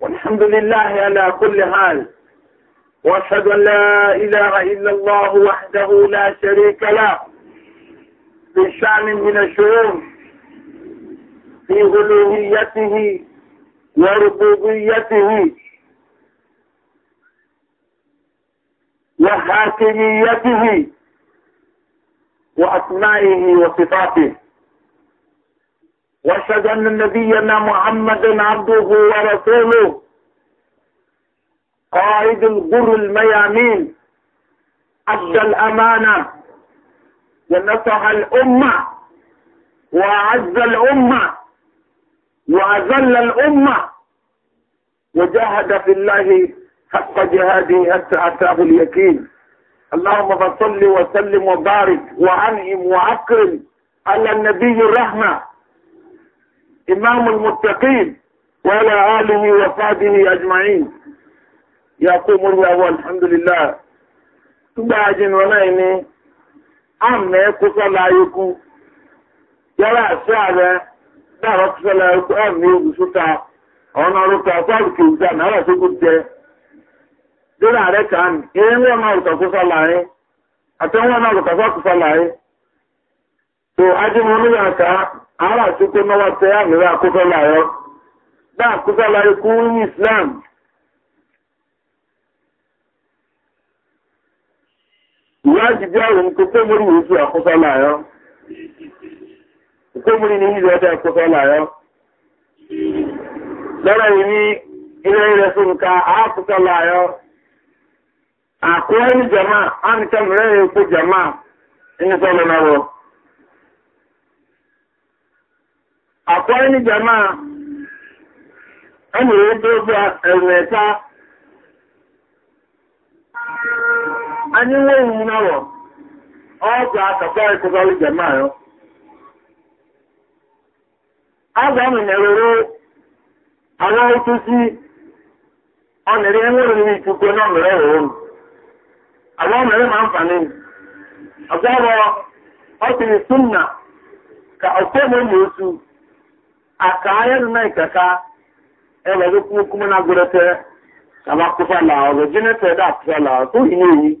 والحمد لله على كل حال واشهد ان لا اله الا الله وحده لا شريك له في شان من الشؤون في الوهيته وربوبيته وحاكميته واسمائه وصفاته واشهد ان نبينا محمدا عبده ورسوله قائد الغر الميامين أدى الأمانة ونصح الأمة وأعز الأمة وأذل الأمة وجاهد في الله حق جهاده حتى أتاه اليقين اللهم فصل وسلم وبارك وأنعم وأكرم على النبي الرحمة إمام المتقين وعلى آله وصحبه أجمعين ya kó mórí wa wọ alhamdulillah túgbà ajínú náà ni àmì kó sọ́la ayókù yàrá àṣẹ ààrẹ dáàrọ kó sọ́la ayókù àmì ògùsùta ọ̀nà ọ̀rọ̀ta fáàlù kìrìtà náírà tó kó jẹ lórí ààrẹ kan ìyẹn ń wọ́n náà náà ká ní islam. ìwádìí àwọn nǹkan nke wò sí àkóso láàárọ̀ nǹkan mórí ní ilẹ̀ ọdẹ àkóso láàárọ̀ lọ́rọ̀ yìí ní ilẹ̀ ilẹ̀ ní jama ánìkan jama ní sọ́lọ́ náà wọ. àkóhẹ́ ní jama anyị nweghị n'ụlọ ọ ga ọrụ ịkụzọrọ ijem ahụ agwa m na-ewere awa ụtụzi ọ enwere ikuku na mere ọhụrụ m agwa mere ma mfani agwa ọ sịrị sunna ka ọkwe m na otu aka ahịa nọ na ikaka ebe ọzọ na gwerete ka ma kụfa ọrụ ọrụ ọrụ ọrụ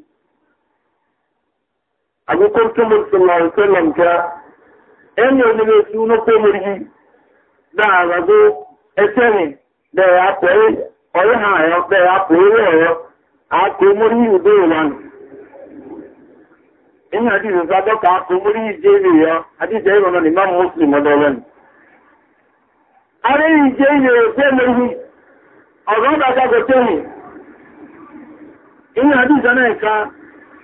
abu kurtumun sallallahu sallam ka en yau na ko murhi da rago etene da ya koyi oyi ha ya e, e e yo a ko murhi udo wan in hadi da da ka ko je yo je muslim yi je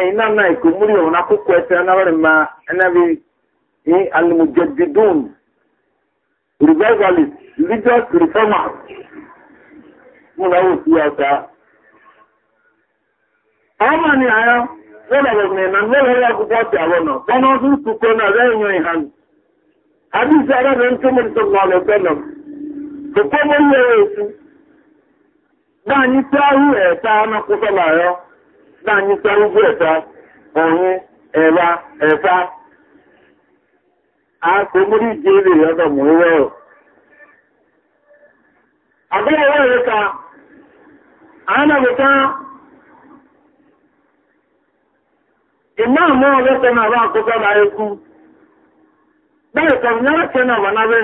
ina na ikumuri ona kukwete na wale ma na bi ni almujaddidun revivalist religious reformers muna wo siyasa ama ni aya wala wala na wala ya kupati awona bana su tukona renyo ihan hadisi ara ran tumur ta na-anyụsa ugwu efa onye ẹ̀wà ẹ̀fà akọmọdé ìjẹ́rẹ̀ ya mọ̀ ẹwẹ́ ọ̀. àbúrò wọ́n rẹ̀ ka àánàbùká ìmáàmù ọ̀rẹ́sẹ̀ náà bá àkókò bá ẹkú bẹ́ẹ̀ kọ̀ nyẹ́rẹ́kẹ́ náà ebe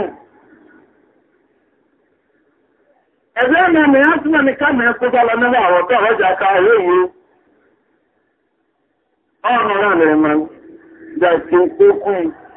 اور میرے رحمان جا کیوں کو